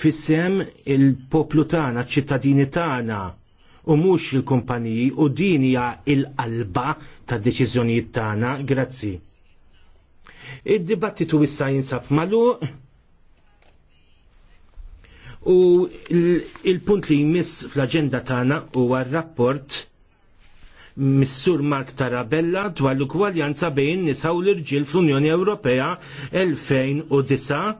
fissem il-poplu tagħna, ċittadini tagħna u mhux il-kumpaniji u din hija l-qalba tad deċiżjonijiet tagħna. Grazzi. Id-dibattitu issa jinsab magħluq. u il-punt li jmiss fl-aġenda tagħna huwa r-rapport Missur Mark Tarabella dwar l-ugwaljanza bejn nisaw l-irġiel fl-Unjoni Ewropea 2009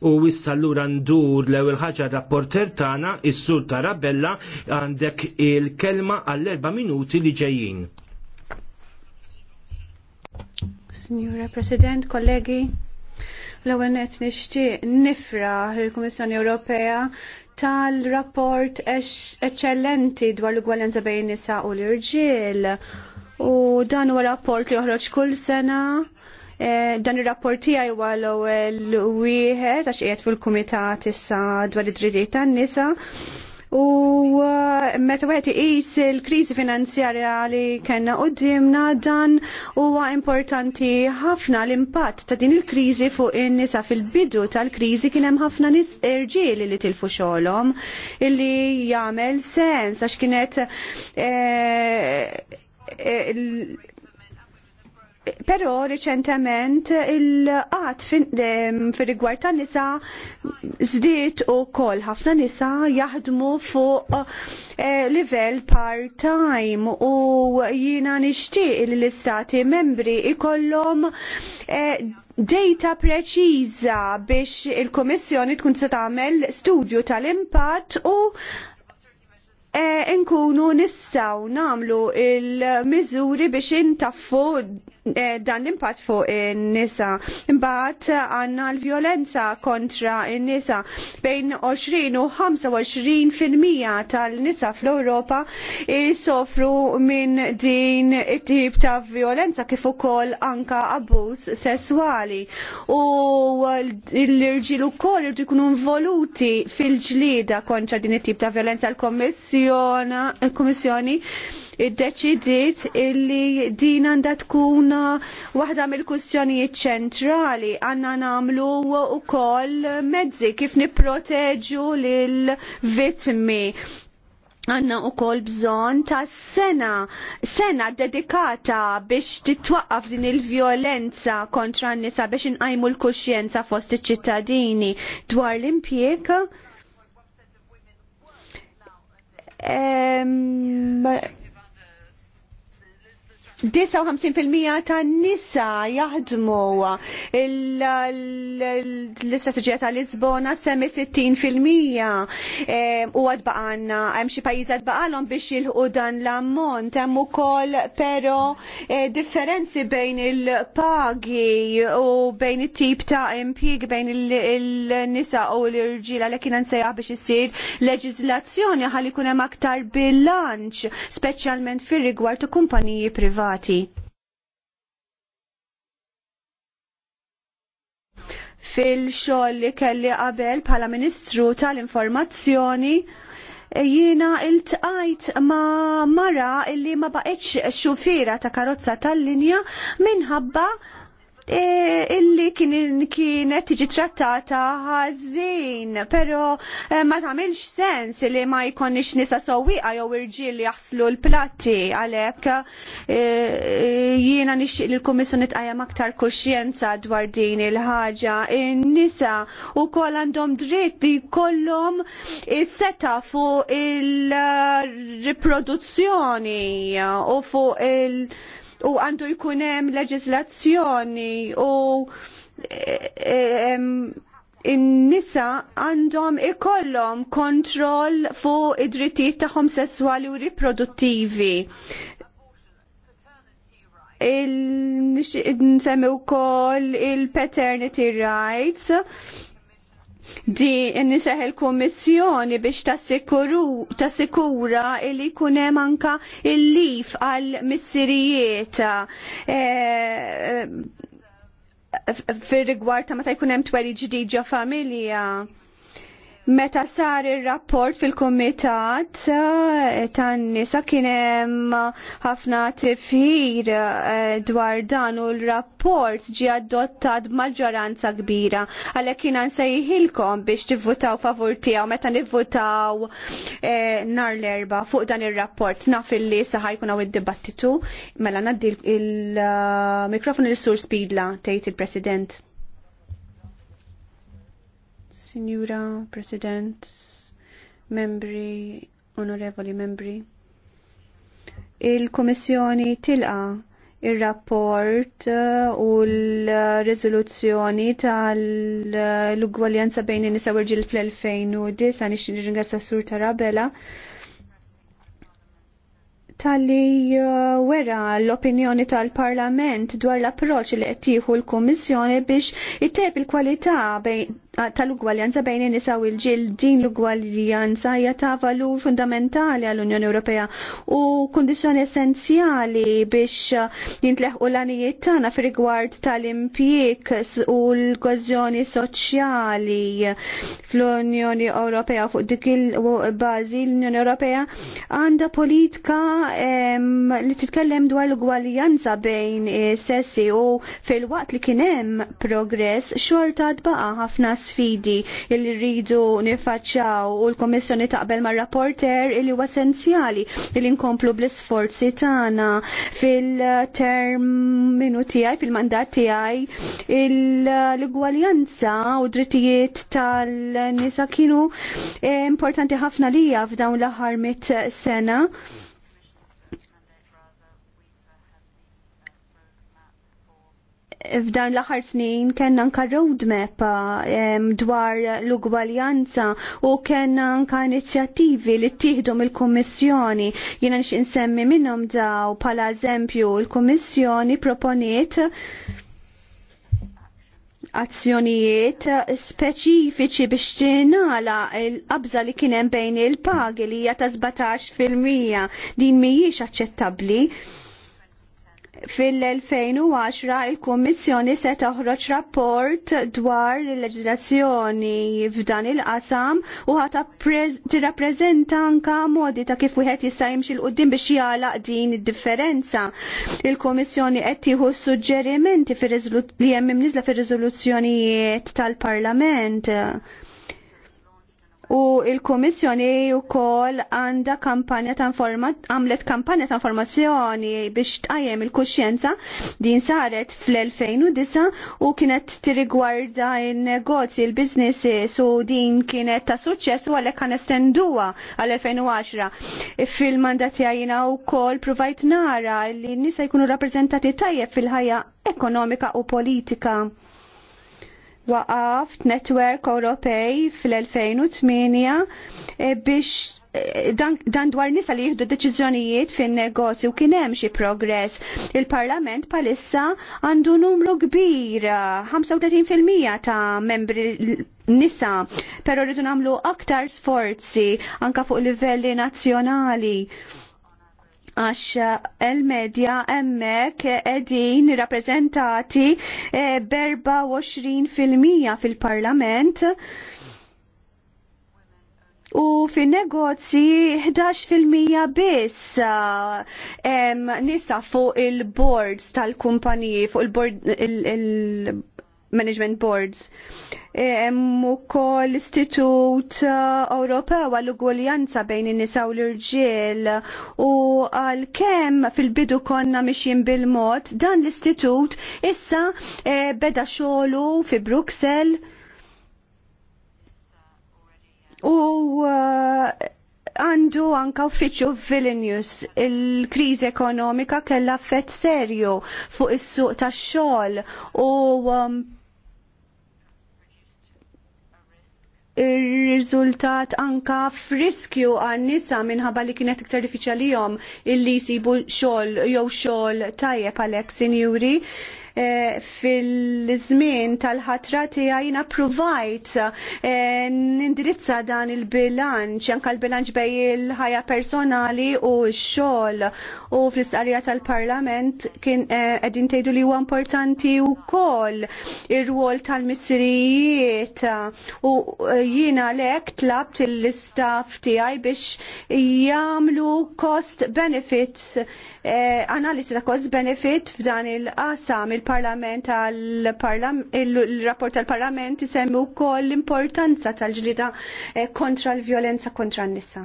U issa allura ndur l-ewwel ħaġa rapporter tagħna is-Sur Tarabella għandek il-kelma għall-erba' minuti li ġejjin. Signora President, kollegi, l-ewwel qed nifra nifraħ il-Kummissjoni Ewropea tal-rapport eċċellenti dwar l-ugwaljanza bejn nisa u l-irġiel. U dan huwa rapport li joħroġ kull sena Eh, dan ir-rapporti huwa l-ewwel wieħed għax qiegħed fil-kumitat issa dwar id-drittijiet tan-nisa. U eh, meta wieħed iqis il-kriżi finanzjarja li kellna dimna dan huwa importanti ħafna l-impatt ta' din il-kriżi fuq in-nisa fil-bidu tal-kriżi kien hemm ħafna nis irġieli li tilfu xogħolhom illi jagħmel sens għax kienet eh, Pero reċentement il-qat fil-rigward ta' nisa zdiet u kol ħafna nisa jaħdmu fuq eh, level part-time u jina nishti l-istati membri ikollom eh, data preċiża biex il-Komissjoni tkun se tagħmel studju tal-impatt u eh, nkunu nistaw namlu il-miżuri biex intaffu Eh, dan l-impatt fuq in-nisa. Imbagħad eh, għandna l-vjolenza kontra n nisa bejn 20 u 25 fil-mija tal-nisa fl-Ewropa isofru minn din it-tip ta' vjolenza kif ukoll anka abbuż sesswali. U l-irġiel ukoll irdu jkunu involuti fil-ġlieda kontra din it-tip ta' vjolenza l-Kommissjoni deċidiet illi din għandha tkun waħda mill-kustjonijiet ċentrali għandna nagħmlu wkoll mezzi kif nipproteġu lil vittmi għanna u kol bżon ta' sena, sena dedikata biex titwaqqaf din il-violenza kontra n-nisa biex inqajmu l-kuxjenza fost iċ-ċittadini dwar l-impjeg. Um, 59% ta' nisa jaħdmu l-istrateġija ta' Lisbona semmi 60% e, u għadbaqanna hemm xi pajjiż għadbaqalhom biex jilħu dan l-ammont hemm ukoll però e, differenzi bejn il-pagi u bejn it-tip ta' impieg bejn il-nisa u l-irġiel l kien biex isir leġiżlazzjoni ħalli jkun hemm aktar bilanċ speċjalment fir-rigward ta' kumpaniji privati approvati. Fil-xogħol li kelli qabel bħala Ministru tal-Informazzjoni jiena tqajt ma' mara illi ma baqgħetx xufiera ta' karozza tal-linja minħabba E, illi kienet tiġi trattata ħażin, pero e, ma tagħmilx sens li ma jkunniex nisa sewwieqa jew irġiel jaħslu l-platti għalhekk e, jiena nixtieq li l-Kummissjoni tqajjem aktar kuxjenza dwar din il-ħaġa. In-nisa wkoll għandhom dritt li jkollhom is-seta fuq il-riproduzzjoni u fuq il-, -riproduzzjoni, u fuq il u għandu jkun hemm leġislazzjoni u e, in-nisa għandhom ikollhom kontroll fuq id-drittijiet tagħhom sesswali u riproduttivi il-nsemmi wkoll il-paternity rights di niseħ il-Kommissjoni biex tassikura li kunem anka il-lif għal missirijiet eh, eh, fir rigward ta' meta jkun hemm twelid ġdid ġo familja. Meta sar ir-rapport fil-kumitat eh, tan-nisa kien hemm ħafna tifhir eh, dwar dan u l-rapport ġie adottat maġġoranza kbira. Għalhekk kien nsejħilkom biex tivvutaw favur tiegħu meta nivvutaw eh, nhar l-erba' fuq dan ir-rapport naf illi saħa jkun hawn id-dibattitu mela ngħaddi il-mikrofon il-sur Spidla tgħid il-President. Signora President, membri, onorevoli membri. Il-Komissjoni tilqa il-rapport uh, u l-rezoluzzjoni tal-ugwaljanza bejn in-nisa u rġil fl-2009 nix nirringrazzja Sur Tarabella tal-li uh, wera l-opinjoni tal-Parlament dwar l-approċ li qed tieħu l-Kummissjoni biex itteb il-kwalità bejn tal-ugwaljanza bejn in-nisa u l-ġil din l-ugwaljanza hija ta' valur fundamentali għall-Unjoni Ewropea u kundizzjoni essenzjali biex jintleħqu l-għanijiet tagħna fir-rigward tal-impjieg u l-kożjoni soċjali fl-Unjoni Ewropea fuq dik il-bażi l-Unjoni Ewropea għandha politika li titkellem dwar l-ugwaljanza bejn sessi u fil-waqt li kien hemm progress xorta tbaqa' ħafna sfidi li rridu nifaċċaw u l-Komissjoni taqbel ma' rapporter illi huwa essenzjali illi nkomplu bl-isforzi tagħna fil-terminu tiegħi fil-mandat tiegħi l-igwaljanza u drittijiet tal-nisa kienu importanti ħafna lija f'dawn l-aħħar mit sena. f'dan l-aħħar snin kellna anka roadmap dwar l-ugwaljanza u kellna anka inizjattivi li ttieħdu mill-Kummissjoni. Jiena nix insemmi minnhom daw bħala eżempju l-Kummissjoni proponiet azzjonijiet speċifiċi biex tinala l-qabża li kien hemm bejn il-pagi li hija ta' 17 fil-mija din mhijiex aċċettabbli. Fil-2010 il-Kummissjoni se toħroġ rapport dwar il-leġislazzjoni f'dan il-qasam u ħata tirrappreżenta anka modi ta' kif wieħed jista' jimxi l-qudiem biex jagħlaq din id-differenza. Il-Kummissjoni qed tieħu suġġerimenti li hemm imniżla fir-riżoluzzjonijiet tal-Parlament U il-Komissjoni u kol għanda kampanja ta' għamlet kampanja ta' informazzjoni biex tqajjem il-kuxjenza din saret fl-2009 u kienet tirigwarda il-negozji, il-biznesses u din kienet ta' suċċess u għalek għan estenduwa għal-2010. Fil-mandati għajina u kol provajt nara li nisa jkunu rappresentati tajjeb fil-ħajja ekonomika u politika waqaft Network Ewropej fil-2008 eh, biex eh, dan, dan dwar nisa li jihdu deċiżjonijiet fin negozju kien hemm xi progress. Il-Parlament palissa għandu numru kbir, 35% ta' membri nisa, pero rridu nagħmlu aktar sforzi anke fuq livelli nazzjonali għax eh, il-medja emmek edin rappresentati 24 eh, fil-parlament u fin-negozji 11% biss eh, nisa fuq il-boards tal-kumpaniji fuq il-board il, il management boards. E, Emmu ukoll l-Istitut Ewropew għall-ugwaljanza bejn in-nisa u l-irġiel u għalkemm fil-bidu konna mixjin bil-mod dan l-istitut issa e, beda xogħlu fi Bruxelles u e, għandu anka uffiċċju Vilnius il-kriżi ekonomika kellha affett serju fuq is-suq tax-xogħol u um, ir-riżultat anka friskju għan nisa minħabba li kienet iktar diffiċalihom illi jsibu xogħol jew xogħol tajjeb għalhekk sinjuri. Eh, fil-żmien tal-ħatra tiegħi jiena provajt eh, nindirizza dan il-bilanċ, anke l-bilanċ bej il-ħajja personali u x-xogħol u fl-istqarrija tal-Parlament kien eh, qegħdin tgħidu li huwa importanti wkoll ir-rwol tal-missirijiet u jiena lek tlabt il-istaff tiegħi biex jagħmlu cost benefits, eh, analisi ta' cost benefit f'dan il-qasam il il-Parlament il-rapport tal-Parlament isemmi wkoll l-importanza tal-ġlida eh, kontra l-vjolenza kontra n-nisa.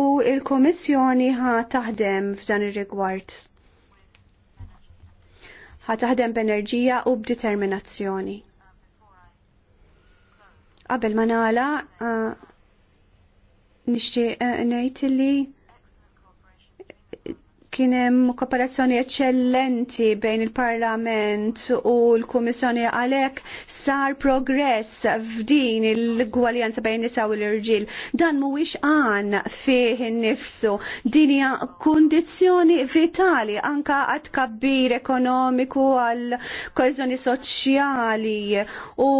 U il-Komissjoni ħa taħdem f'dan ir-rigward. Ħa taħdem b'enerġija u b'determinazzjoni qabel ma nagħla eh, nixtieq eh, ngħid li Kienem kooperazzjoni eccellenti bejn il-Parlament u l-Kummissjoni għalek sar progress f'din il-gwaljanza bejn nisa u l-irġil. Dan mhuwiex għan fih innifsu. Din hija kundizzjoni vitali anka għad kabbir ekonomiku għal koeżjoni soċjali u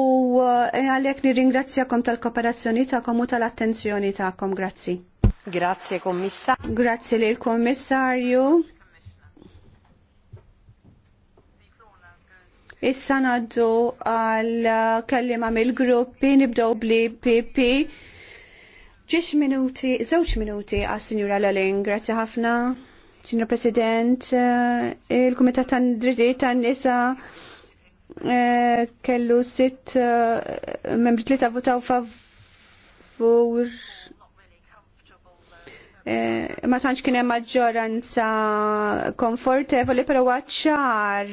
eh, għalek nirringrazzjakom tal-kooperazzjoni tagħkom u tal-attenzjoni tagħkom. Grazzi. Grazie commissario. Grazie lil commissario. Issa naddu għal kellima mill-gruppi nibdow bli PP. Ġiex minuti, żewġ minuti għas Sinjura Laling, grazzi ħafna. Signor President, eh, il-Kumitat tan drittijiet tan nisa eh, kellu sitt eh, membri tlieta votaw favur Eh, ma tantx kien hemm maġġoranza komfortevoli però waċċar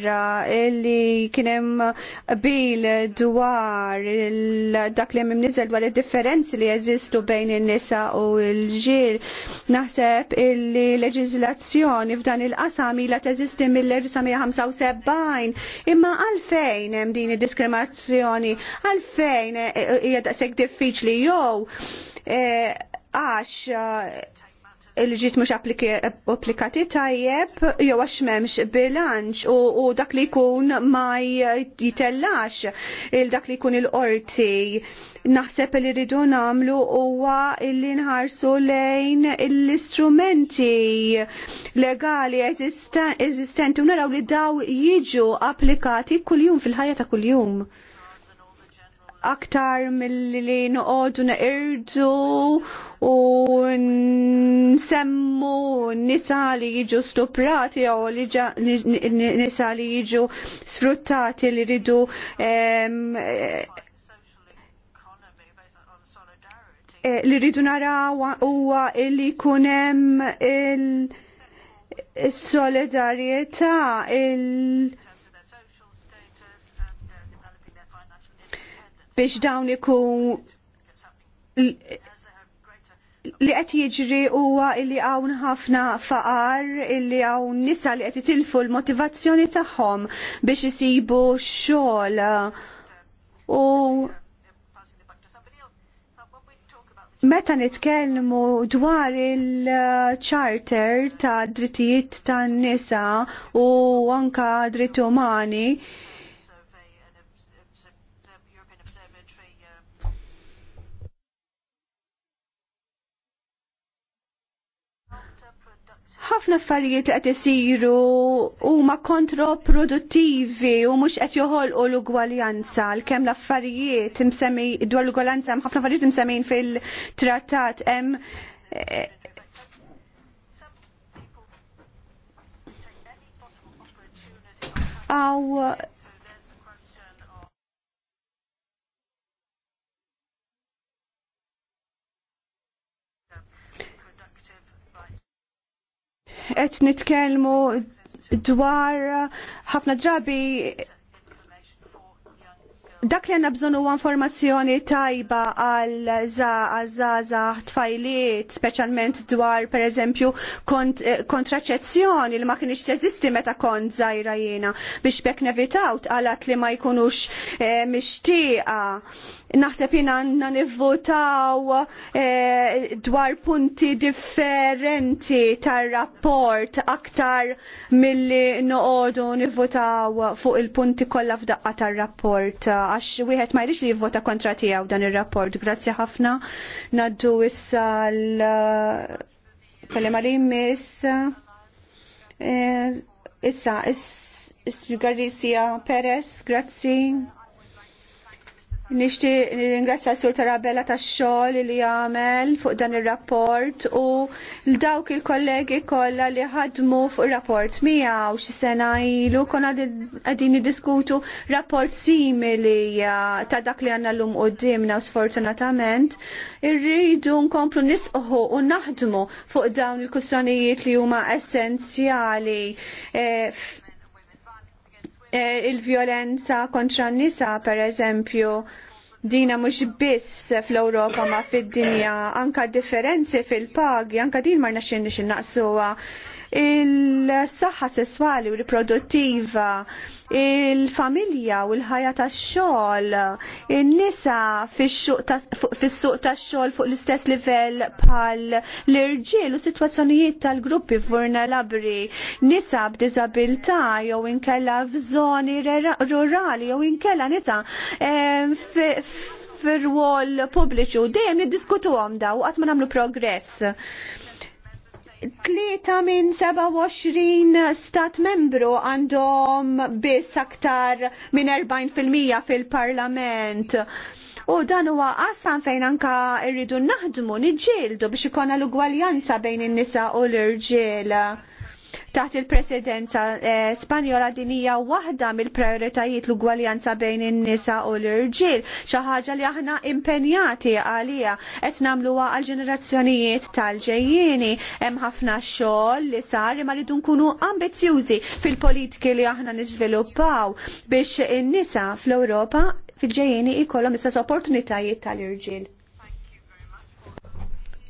eh, li kien hemm bil dwar dak li hemm imniżel dwar id-differenzi li jeżistu bejn in-nisa u l-ġiel. Naħseb illi leġiżlazzjoni f'dan il-qasam ilha teżisti mill-1975 imma għalfejn hemm din id-diskriminazzjoni għalfejn eh, hija daqshekk diffiċli jew għax li ġiet mhux applikati tajjeb jew għax m'hemmx bilanċ u dak li jkun ma jitellax il dak li jkun il-qorti. Naħseb li rridu nagħmlu huwa li nħarsu lejn l-istrumenti legali eżistenti u naraw li daw jiġu applikati kuljum fil-ħajja ta' kuljum aktar mill-li noqogħdu irdu u nsemmu nisa li jiġu stuprati u li nisa li jiġu sfruttati li ridu eh, li ridu naraw huwa li kunem il-solidarieta il-, il, il, il, il, il, il, il, il biex dawn ikun li qed jiġri huwa li hawn ħafna faqar illi hawn nisa li qed itilfu l-motivazzjoni tagħhom biex isibu xogħol u Meta nitkellmu dwar il-charter ta' drittijiet tan nisa u anka dritt umani, ħafna affarijiet qed isiru huma kontroproduttivi u mhux qed joħolqu l-ugwaljanza għalkemm l-affarijiet msemmi dwar l-ugwaljanza hemm ħafna affarijiet msemmin fil-trattat hemm għaw eh, qed nitkellmu dwar ħafna drabi dak li għanna bżonu huwa informazzjoni tajba għal za tfajliet, specialment dwar per eżempju kont, kontraċezzjoni li ma kienix teżisti meta kont zaħira jena biex bekk nevitaw għalat li ma jkunux e, mixtieqa naħseb jina għanna nivvotaw eh, dwar punti differenti tar rapport aktar milli noqogħdu nivvotaw fuq il-punti kollha f'daqqa tar rapport għax wieħed ma jridx li jivvota kontra tiegħu dan ir-rapport. Grazzi ħafna. Naddu issa l eh, kellem li miss eh, issa is Garricia Perez, grazzi. Nishti ringrazza Sur Tarabella ta' xogħol li jagħmel fuq dan ir-rapport u l-dawk il-kollegi kollha li ħadmu fuq ir-rapport miegħu xi sena ilu konna qegħdin niddiskutu rapport simili ta' dak li għandna llum qudiemna u sfortunatament irridu nkomplu nisqħu u naħdmu fuq dawn il-kustjonijiet li huma essenzjali eh, Eh, il-violenza kontra n-nisa per eżempju dina mhux biss fl-Ewropa ma fid-dinja anka differenzi fil-pagi anka din marna xinni xinnaqsuwa il-saħħa sessuali u riproduttiva, il-familja u l-ħajja tax-xogħol, in-nisa fis-suq tax-xogħol fuq l-istess livell bħal l-irġiel u sitwazzjonijiet tal-gruppi vulnerabbli, nisa b'diżabilità jew inkella f'żoni rurali jew inkella nisa ehm, fir-rwol u dejjem niddiskutuhom daw qatt ma nagħmlu progress Tlieta minn 27 stat membru għandhom biss aktar minn 40% fil-parlament. U dan huwa qasam fejn anka rridu naħdmu niġġieldu biex ikona l-ugwaljanza bejn in-nisa u l-irġiel taħt il-presidenza eh, Spanjola din hija waħda mill-prioritajiet l-ugwaljanza bejn in-nisa u l-irġiel, xi ħaġa li aħna impenjati għalija qed nagħmluha għall ġenerazzjonijiet tal-ġejjieni. Hemm ħafna xogħol li sar imma rridu nkunu ambizzjużi fil-politiki li aħna niżviluppaw biex in-nisa fl-Ewropa fil-ġejjieni jkollhom istess opportunitajiet tal-irġiel.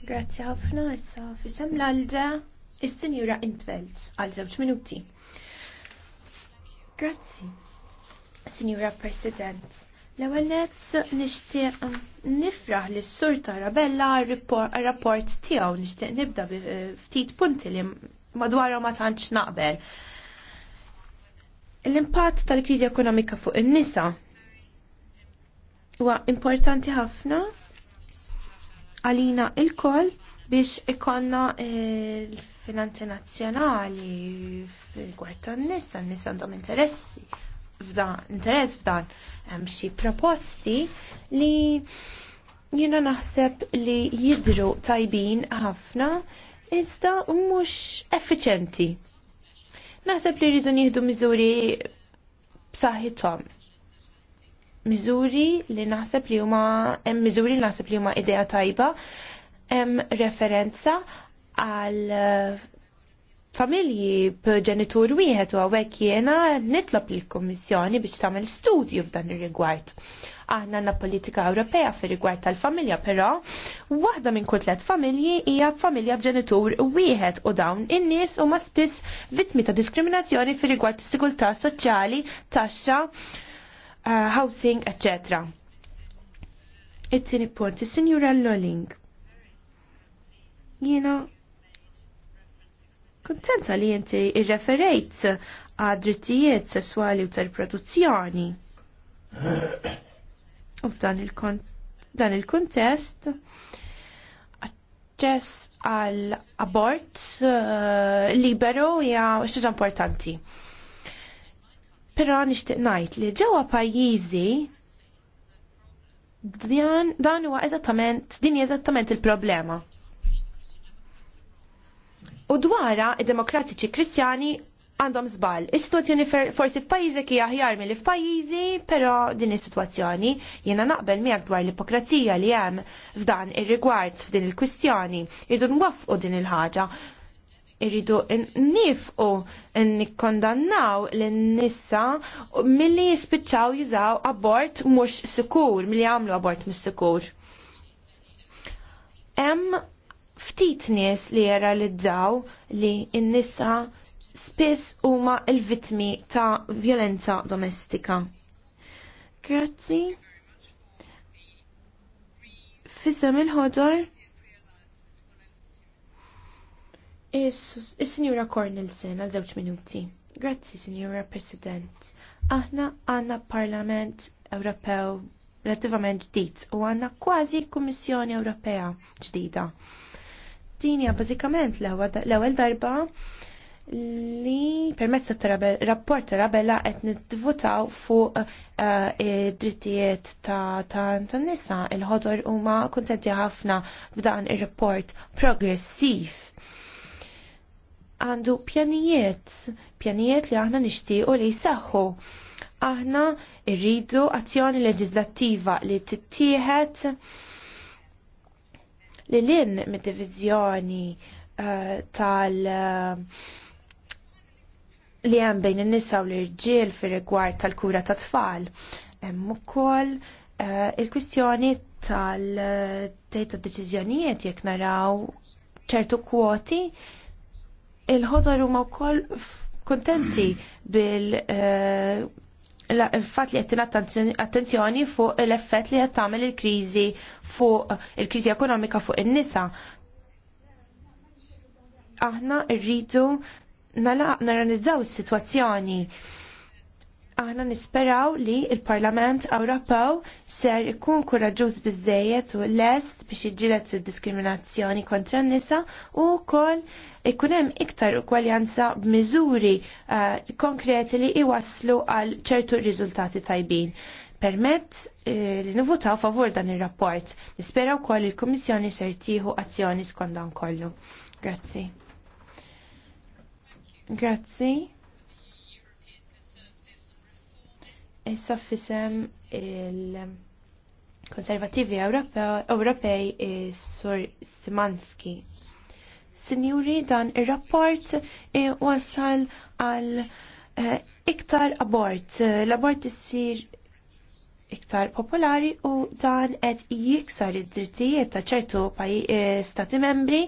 Grazie ħafna issa fisem l-għalda. Is-Sinjura Intveld għal żewġ minuti. Grazzi, Sinjura President. L-ewwel nett nixtieq nifraħ li sur Tarabella għar-rapport tiegħu nixtieq nibda ftit punti li madwarhom ma tantx naqbel. L-impatt tal-kriżi ekonomika fuq in-nisa huwa importanti ħafna għalina il-koll biex ikonna il-finanzi nazzjonali fil-gwert tan-nies, tan-nies għandhom interessi f'dan, interess f'dan hemm xi proposti li jiena naħseb li jidru tajbin ħafna iżda mhux effiċenti. Naħseb li rridu nieħdu miżuri b'saħħithom. Miżuri li naħseb li huma hemm miżuri li naħseb li huma idea tajba hemm referenza għal eh, familji b'ġenitur wieħed u għawek jena nitlob l-Kommissjoni biex tagħmel studju f'dan ir-rigward. Aħna għandna politika Ewropea fir-rigward tal-familja, però waħda minn kull tliet familji hija familja b'ġenitur wieħed u dawn in-nies huma spiss vittmi ta' diskriminazzjoni fir-rigward is-sigurtà soċjali, taxxa, eh, housing, etc. It-tieni punt, is-Sinjura Lolling. Jiena kontenta li inti irreferejt għad drittijiet sessuali u tal-produzzjoni. U f'dan il-kontest, aċċess għal abort libero eh, liberu hija xaġa importanti. Però nixtieq ngħid li ġewwa pajjiżi dan huwa eżattament din hija eżattament il-problema. U dwara id-demokratiċi kristjani għandhom żball. is situazzjoni forsi f'pajjiżek hija aħjar milli f'pajjiżi, però din is-sitwazzjoni jiena naqbel miegħek dwar l-ipokrazija li hemm f'dan ir-rigward f'din il-kwistjoni. Irdu nwaffqu din il-ħaġa. Irridu nifqu nikkondannaw lin-nisa milli jispiċċaw jużaw abort mhux sikur, milli jagħmlu abort mhux sikur. Hemm ftit nies li jeralizzaw li n-nisa spiss huma l-vittmi ta' violenza domestika. Grazzi. Fissam il-ħodor. Is-Sinjura Cornelsen għal żewġ minuti. Grazzi, Sinjura President. Aħna għanna Parlament Ewropew relativament ġdid u għanna kważi Kummissjoni Ewropea ġdida. Din hija bażikament l-ewwel darba li permezz rapport rabella qed nidvotaw fuq id-drittijiet eh, eh, ta' nisa il-ħodor huma kuntenti ħafna b'dan ir-rapport progressiv. Għandu pjanijiet, pjanijiet li aħna nixtiequ li jsaħħu. Aħna rridu azzjoni leġislattiva li tittieħed li l-in mid-divizjoni uh, tal- eh, li hemm bejn in-nisa u l-irġiel fil rigward tal-kura ta' tfal. Hemm ukoll uh, il-kwistjoni tal-tejta deċiżjonijiet jekk naraw ċertu kwoti il-ħodor huma wkoll kontenti bil uh, il-fat li qed attenzjoni fuq l-effett li qed tagħmel il-kriżi fuq il-kriżi ekonomika fuq in-nisa. Aħna rridu naranizzaw is-sitwazzjoni aħna nisperaw li il-Parlament Ewropew ser ikun kuraġuż biżejjed u lest biex jiġġieled id-diskriminazzjoni kontra n-nisa u wkoll ikun hemm iktar ukwaljanza b'miżuri uh, konkreti li iwasslu għal ċertu riżultati tajbin. Permett eh, li nivutaw favur dan ir-rapport. Nispera wkoll il-Kummissjoni ser tieħu azzjoni skont dan kollu. Grazzi. Grazzi. Issa fisem il-Konservativi Ewropej eh, Sur Simanski. Sinjuri dan ir-rapport eh, wasal għal eh, iktar abort. L-abort issir iktar popolari u dan qed jiksar id-drittijiet ta' ċertu stati membri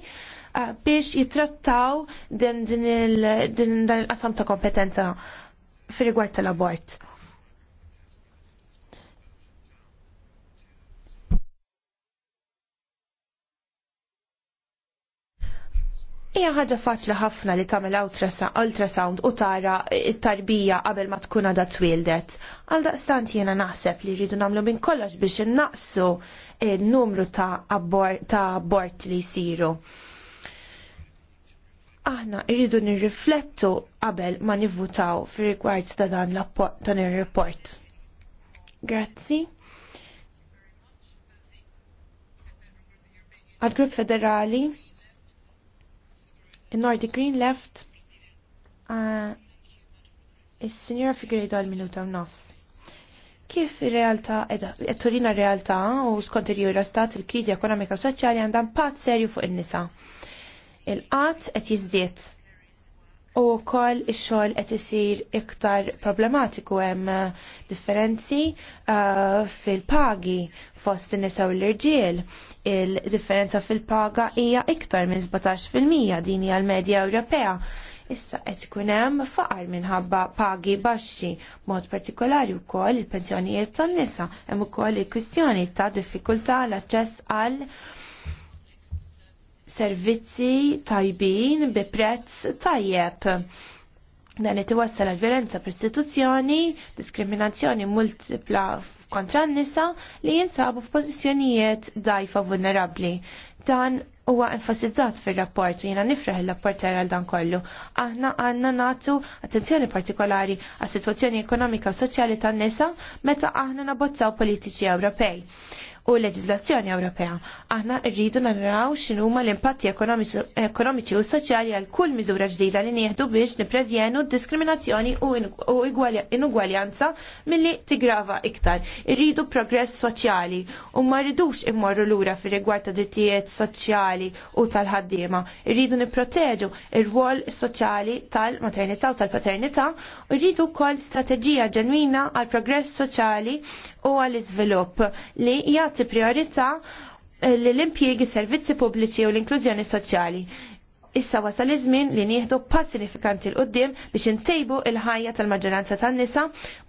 biex jitrattaw din il-qasam ta' kompetenza fir rigward tal-abort. Hija ħaġa faċli ħafna li tagħmel ultrasound u tara t-tarbija qabel ma tkun għadha twildet. Għal daqstant jiena naħseb li rridu nagħmlu minn kollox biex innaqsu n-numru ta' abort li jsiru. Aħna rridu nirriflettu qabel ma nivvutaw fir-rigward ta' dan ta' ir-report. Grazzi. Għal-Grupp Federali Il-Nordi Green Left uh, il-Sinjora Figueredo għal-minuta u nofs kif ir-realtà qed e turina r-realtà u skont ir stat il-kriżi ekonomika u soċjali għandha impatt serju fuq in-nisa. Il-qatt qed jiżdied u koll ix-xogħol qed isir iktar problematiku hemm eh, differenzi eh, fil-pagi fost in-nisa u l-irġiel. Il-differenza fil-paga hija iktar minn 17% din hija l-medja Ewropea. Issa qed ikun hemm faqar minħabba pagi baxxi, mod partikolari wkoll il-pensjonijiet tan-nisa, hemm ukoll il-kwistjoni ta' diffikultà l-aċċess għal servizzi tajbin bi prezz tajjeb. Dan it iwassal għal violenza prostituzzjoni, diskriminazzjoni multipla kontra n-nisa li jinsabu f'pożizzjonijiet dajfa vulnerabbli. Dan huwa enfasizzat fil-rapport, jina nifraħ il rapport għal dan kollu. Aħna għanna natu attenzjoni partikolari għas situazzjoni ekonomika u soċjali tan nisa meta aħna nabozzaw politiċi Ewropej u l-leġizlazzjoni Ewropea. Aħna rridu naraw x'inhuma l-impatti ekonomiċi u soċjali għal kull miżura ġdida li nieħdu biex nipprevjenu diskriminazzjoni u inugwaljanza milli tigrava iktar. Irridu progress soċjali u ma rridux immorru lura fir rigward ta' drittijiet soċjali u tal-ħaddiema. Irridu nipproteġu ir-rwol soċjali tal-maternità u tal-paternità u rridu wkoll strateġija ġenwina għal progress soċjali u għall-iżvilupp li jagħti priorità eh, l-impjiegi servizzi pubbliċi u l-inklużjoni soċjali. Issa wasal iż-żmien li nieħdu pass sinifikanti l qudiem biex intejbu il-ħajja tal-maġġoranza tan-nisa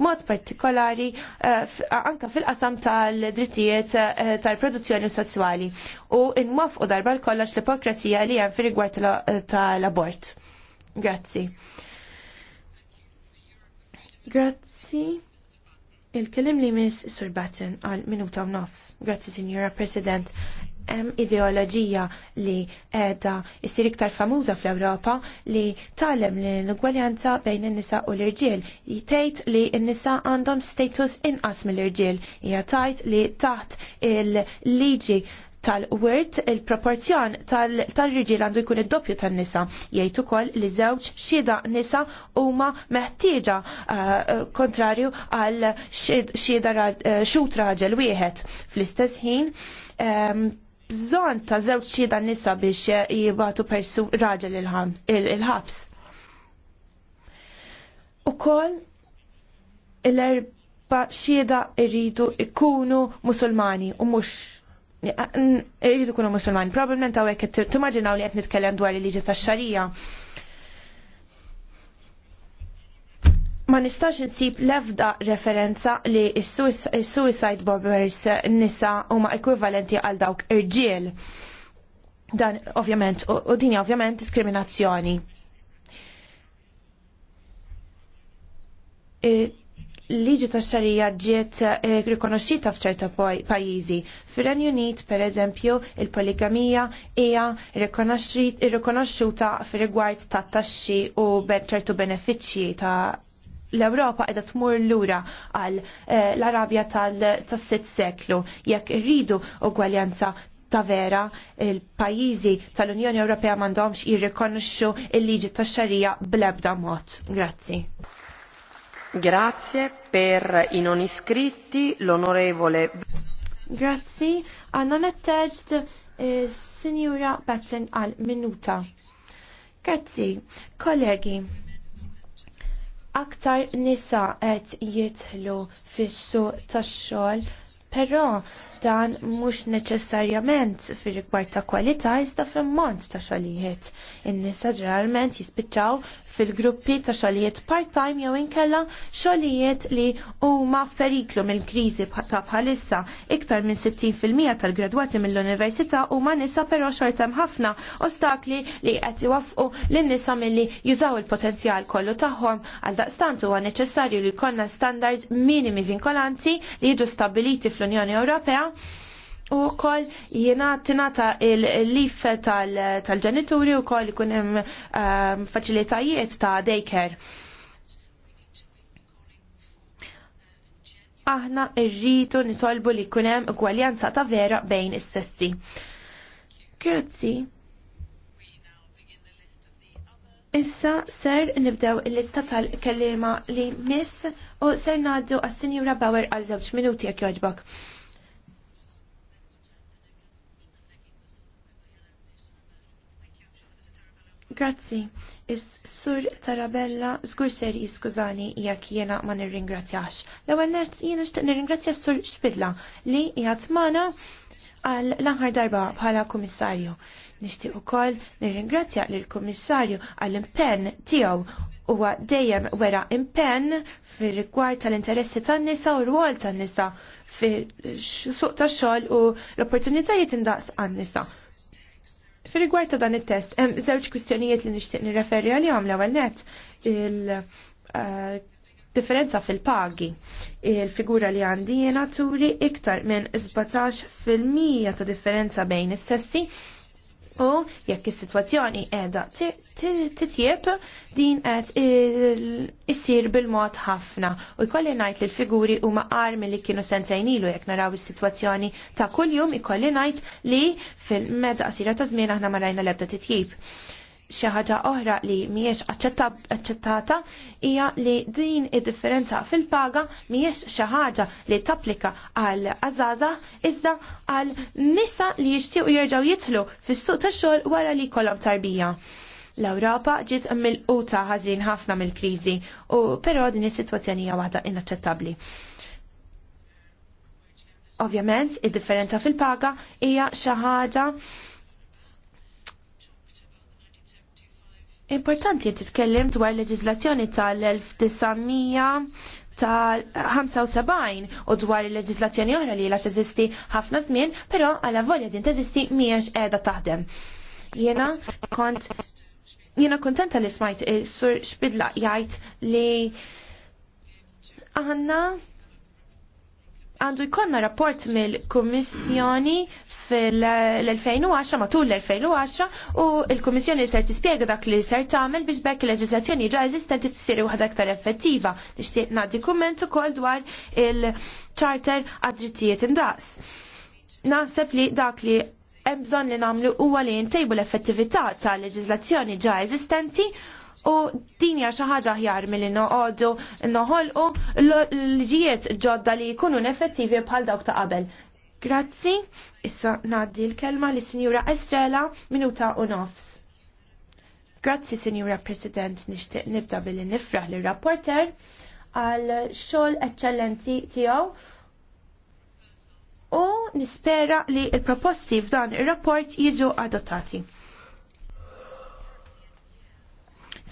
mod partikolari eh, anka fil-qasam tal-drittijiet eh, tal-produzzjoni sesswali u nwaffqu darba l-kollox l-ipokrazija li hemm fir-rigward tal-abort. Grazzi. Grazzi. Il-kelim li miss Sur Batten għal minuta u nofs. Grazzi, Signora President. Hemm ideoloġija li edha issir iktar famuża fl-Ewropa li talem li l-ugwaljanza bejn in-nisa u l-irġiel. Jitejt li n-nisa għandhom status inqas mill-irġiel. Hija tajt li taħt il-liġi tal-wirt il-proporzjon tal-riġiel għandu jkun id-doppju tan-nisa. Jgħid ukoll li żewġ xhieda nisa huma meħtieġa eh, kontrarju għal xhieda eh, xut raġel wieħed. Fl-istess ħin ehm, bżonn ta' żewġ xhieda nisa biex jibatu persu raġel il-ħabs. Ukoll l-erba' xhieda irridu ikunu musulmani u mhux irridu kunu musulmani. Probablement għawek timmaġinaw li għet nitkellem dwar il-liġi ta' xarija. Ma nistax nsib lefda referenza li il-suicide bombers nisa huma ekwivalenti għal dawk irġiel. Dan ovvjament, u dinja ovvjament diskriminazzjoni liġi ta' xarija ġiet eh, rikonoxxita f'ċerta pajjiżi. Fir-Renju Unit, pereżempju, il-poligamija hija rikonoxxuta fir-rigward ta' taxxi u ċertu benefiċċji ta' l-Ewropa qiegħda tmur lura għal eh, l-Arabja tas-sitt seklu jekk irridu ugwaljanza ta' vera il-pajjiżi tal-Unjoni Ewropea m'għandhomx jirrikonoxxu il-liġi tax-xarija bl-ebda mod. Grazzi. Grazie per i non iscritti l'onorevole. Grazie a non attached eh, signora Batten al minuta. Grazzi, kollegi. Aktar nisa qed jitlu fissu suq tax-xogħol però dan mhux neċessarjament fir-rigward ta' kwalità iżda fl ta' xogħlijiet. In-nisa ġeneralment jispiċċaw fil-gruppi ta' xogħlijiet part-time jew inkella xogħlijiet li huma f'periklu mill-kriżi ta' bħalissa. Iktar minn 60% tal-gradwati mill-università huma nisa però xorta hemm ħafna ostakli li qed iwaffqu lin-nisa milli jużaw il-potenzjal kollu tagħhom għal daqstant huwa neċessarju li jkollna standards minimi vinkolanti li jiġu stabiliti fl fl-Unjoni Ewropea u wkoll jiena tinata il-lif tal-ġenituri u wkoll ikun hemm ehm, faċilitajiet ta' daycare. Aħna rridu nitolbu li jkun hemm gwaljanza ta' vera bejn is Grazie. Issa ser nibdew il-lista tal-kellima li miss u ser naddu għas-Sinjura Bauer għal żewġ minuti jekk joġbok. Grazzi. Is-sur Tarabella żgur ser jiskużani jekk jiena ma nirringrazzjax. L-ewwel nett jiena nixtieq nirringrazzja s-sur Spidla li qiegħed magħna għal l-aħħar darba bħala kummissarju. Nixtieq ukoll nirringrazzja lill kummissarju għall-impenn tiegħu huwa dejjem wera impenn fir-rigward tal-interessi tan-nisa u r-rwol tan-nisa fil-suq tax-xogħol u l-opportunitajiet indaqs għan-nisa. Fir-rigward ta' dan it-test, hemm żewġ kwistjonijiet li nixtieq nirreferi għalihom l-ewwel nett il- eh, differenza fil-pagi. Il-figura li għandi turi iktar minn 17% ta' differenza bejn is-sessi U jekk is-sitwazzjoni qiegħda titjieb din qed issir bil-mod ħafna u jkolli ngħid li l-figuri huma armi li kienu sentejn ilu jekk naraw is-sitwazzjoni ta' kuljum ikolli ngħid li fil-meda qasira ta' żmien aħna ma rajna l-ebda titjib xi ħaġa oħra li mhijiex aċċettata hija li din id-differenza fil-paga mhijiex xi ħaġa li tapplika għal azzaza iżda għal nisa li jixtiequ jerġgħu jidħlu fis-suq tax-xogħol wara li jkollhom tarbija. L-Ewropa ġiet mill-quta ħażin ħafna mill-kriżi u però din is-sitwazzjoni hija waħda inaċċettabbli. Ovvjament, id-differenza fil-paga hija xi ħaġa Importanti jett titkellem dwar leġizlazzjoni tal-1900 ta' 75 u dwar il-leġizlazzjoni oħra li la teżisti ħafna żmien, però għal volja din teżisti miex qiegħda taħdem. Jena kont jena kontenta li smajt sur Spidla jgħid li għanna għandu jkollna rapport mill-Kummissjoni fil-2010 matul l-2010 u il-Kummissjoni ser tispjega dak li ser tagħmel biex bekk il leġislazzjoni ġa eżistenti tisir waħda aktar effettiva. Nixtieq ngħaddi kumment ukoll dwar il-charter għad-drittijiet indaqs. Naħseb li dak li hemm bżonn li nagħmlu huwa li ntejbu l-effettività tal-leġiżlazzjoni ġa eżistenti u din hija xi ħaġa aħjar milli noqogħdu noħolqu l-ġijiet ġodda li jkunu effettivi bħal dawk ta' qabel. Grazzi, issa naddi l-kelma li Sinjura Estrela minuta u nofs. Grazzi Sinjura President, nixtieq nibda billi nifraħ li rapporter għal xogħol eccellenti tiegħu u nispera li l proposti f'dan ir-rapport jiġu adottati.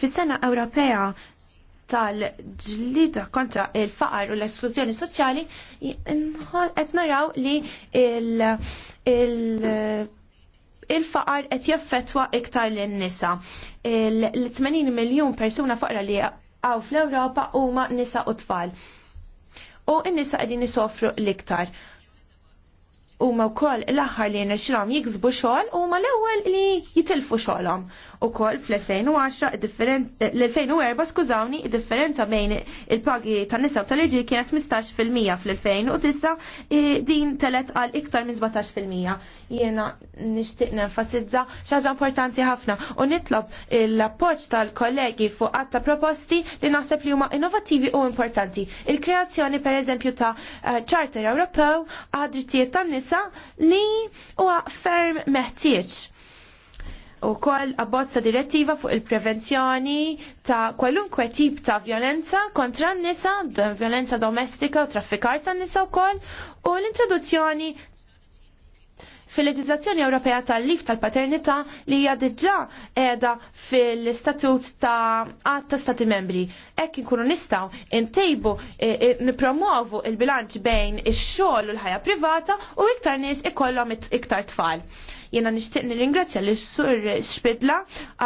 Fis-sena Ewropea tal-ġlida kontra il-faqar u l-esklużjoni soċjali qed naraw li il-faqar qed jaffettwa iktar lin-nisa. Il-80 miljun persuna faqra li għaw fl-Ewropa huma nisa u tfal. U n-nisa qegħdin isofru l-iktar. Huma wkoll l-aħħar li nexxilhom jiksbu xogħol huma l-ewwel li jitilfu xogħolhom u koll fl-2010 eh, l-2004 skużawni differenza bejn il-pagi tan nisa u tal-irġiel kienet 15% fl-2009 eh, din telet għal iktar minn 17%. Jena nixtieq nenfasizza xaġa importanti ħafna u nitlob l-appoġġ tal-kollegi fuq għatta proposti li naħseb li huma innovattivi u importanti. Il-kreazzjoni pereżempju ta' eh, Charter Ewropew għad tan-nisa li huwa ferm meħtieġ u kol abbozza direttiva fuq il-prevenzjoni ta' kwalunkwe tip ta' violenza kontra n-nisa, violenza domestika u traffikar ta' n-nisa u kol, u l-introduzzjoni fil-leġizlazzjoni Ewropea tal-lif tal-paternità li hija diġà qiegħda fil-istatut ta' għad ta' stati membri. Hekk inkunu nistgħu intejbu e, e, nipromuovu il-bilanċ bejn ix-xogħol u l-ħajja privata u iktar nies ikollhom iktar tfal. Jena nishtiq nir-ingrazzja li sur Spidla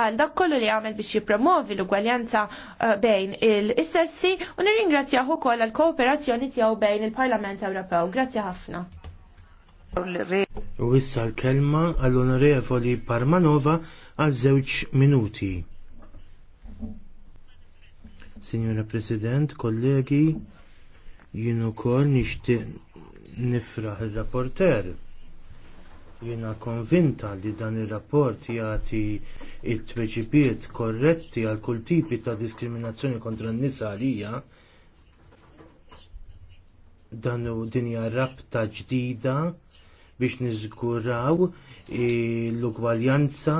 għal dak kollu li għamel biex jipromovi l-ugwaljanza eh, bejn il sessi u nir-ingrazzja ukoll għal kooperazzjoni tiegħu bejn il-Parlament Ewropew. Grazzi ħafna. U issa l-kelma għall-Onorevoli Parmanova għal żewġ minuti. Signora President, kollegi, jien ukoll nixtieq nifraħ il rapporter Jiena konvinta li dan ir rapport jagħti t tweġibiet korretti għal kull tipi ta' diskriminazzjoni kontra n-nisa għalija dan u dinja rabta ġdida biex niżguraw l-ugwaljanza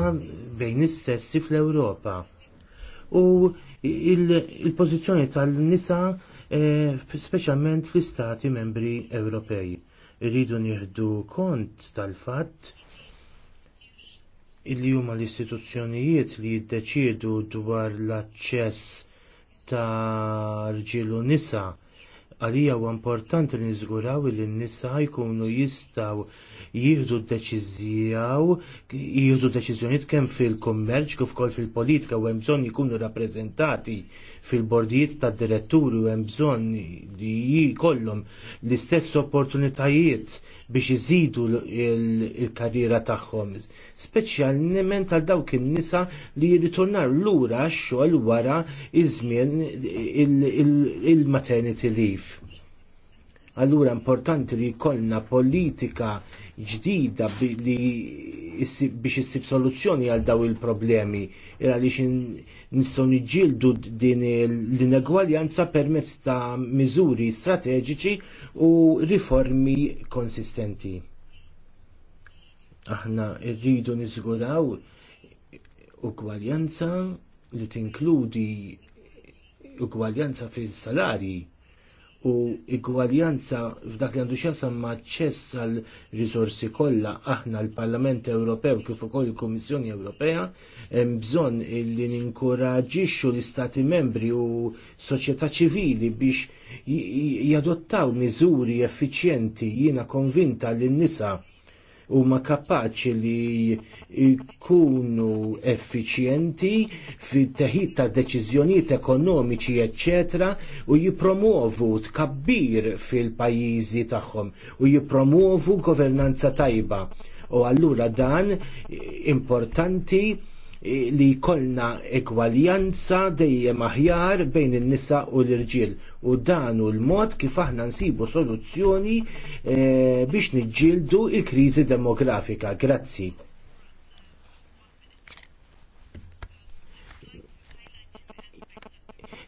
bejn is-sessi fl-Ewropa. U il-pożizzjoni il pożizzjoni tal nisa specialment eh, speċjalment fl-istati membri Ewropej irridu nieħdu kont tal-fatt illi huma l-istituzzjonijiet li jiddeċiedu dwar l-aċċess ta' rġiel u nisa għalija huwa importanti li niżguraw li n-nisa jkunu jistgħu jihdu d-deċizjaw, jieħdu deċizjoniet kemm fil-kommerċ kif ukoll fil-politika u hemm bżonn rappresentati rappreżentati fil-bordijiet tad diretturi u hemm bżonn li jkollhom l-istess opportunitajiet biex iżidu il-karriera tagħhom, speċjalment għal dawk in-nisa li jirritornar lura x-xogħol wara iż-żmien il-maternity leave Allura importanti li jkollna politika ġdida biex issib soluzzjoni għal daw il-problemi għaliex nistgħu niġġieldu din l-inegwaljanza permezz ta' miżuri strateġiċi u riformi konsistenti. Aħna rridu niżguraw ugwaljanza li tinkludi ugwaljanza fil-salari u igwaljanza f'dak li għandu ma' maċċess għal risorsi kollha aħna l-Parlament Ewropew kif ukoll il-Kummissjoni Ewropea hemm bżonn li ninkoraġixxu l-Istati membri u soċjetà ċivili biex jadottaw miżuri effiċjenti jiena konvinta li n-nisa ma kapaċi li jkunu effiċjenti fit-teħid ta' deċiżjonijiet ekonomiċi eċetera u jipromuovu tkabbir fil-pajjiżi tagħhom u jipromuovu governanza tajba. U allura dan importanti Eh, li kollna egwaljanza dejjem aħjar bejn in-nisa u l-irġiel u dan u l-mod kif aħna nsibu soluzzjoni eh, biex niġġieldu il-kriżi demografika. Grazzi.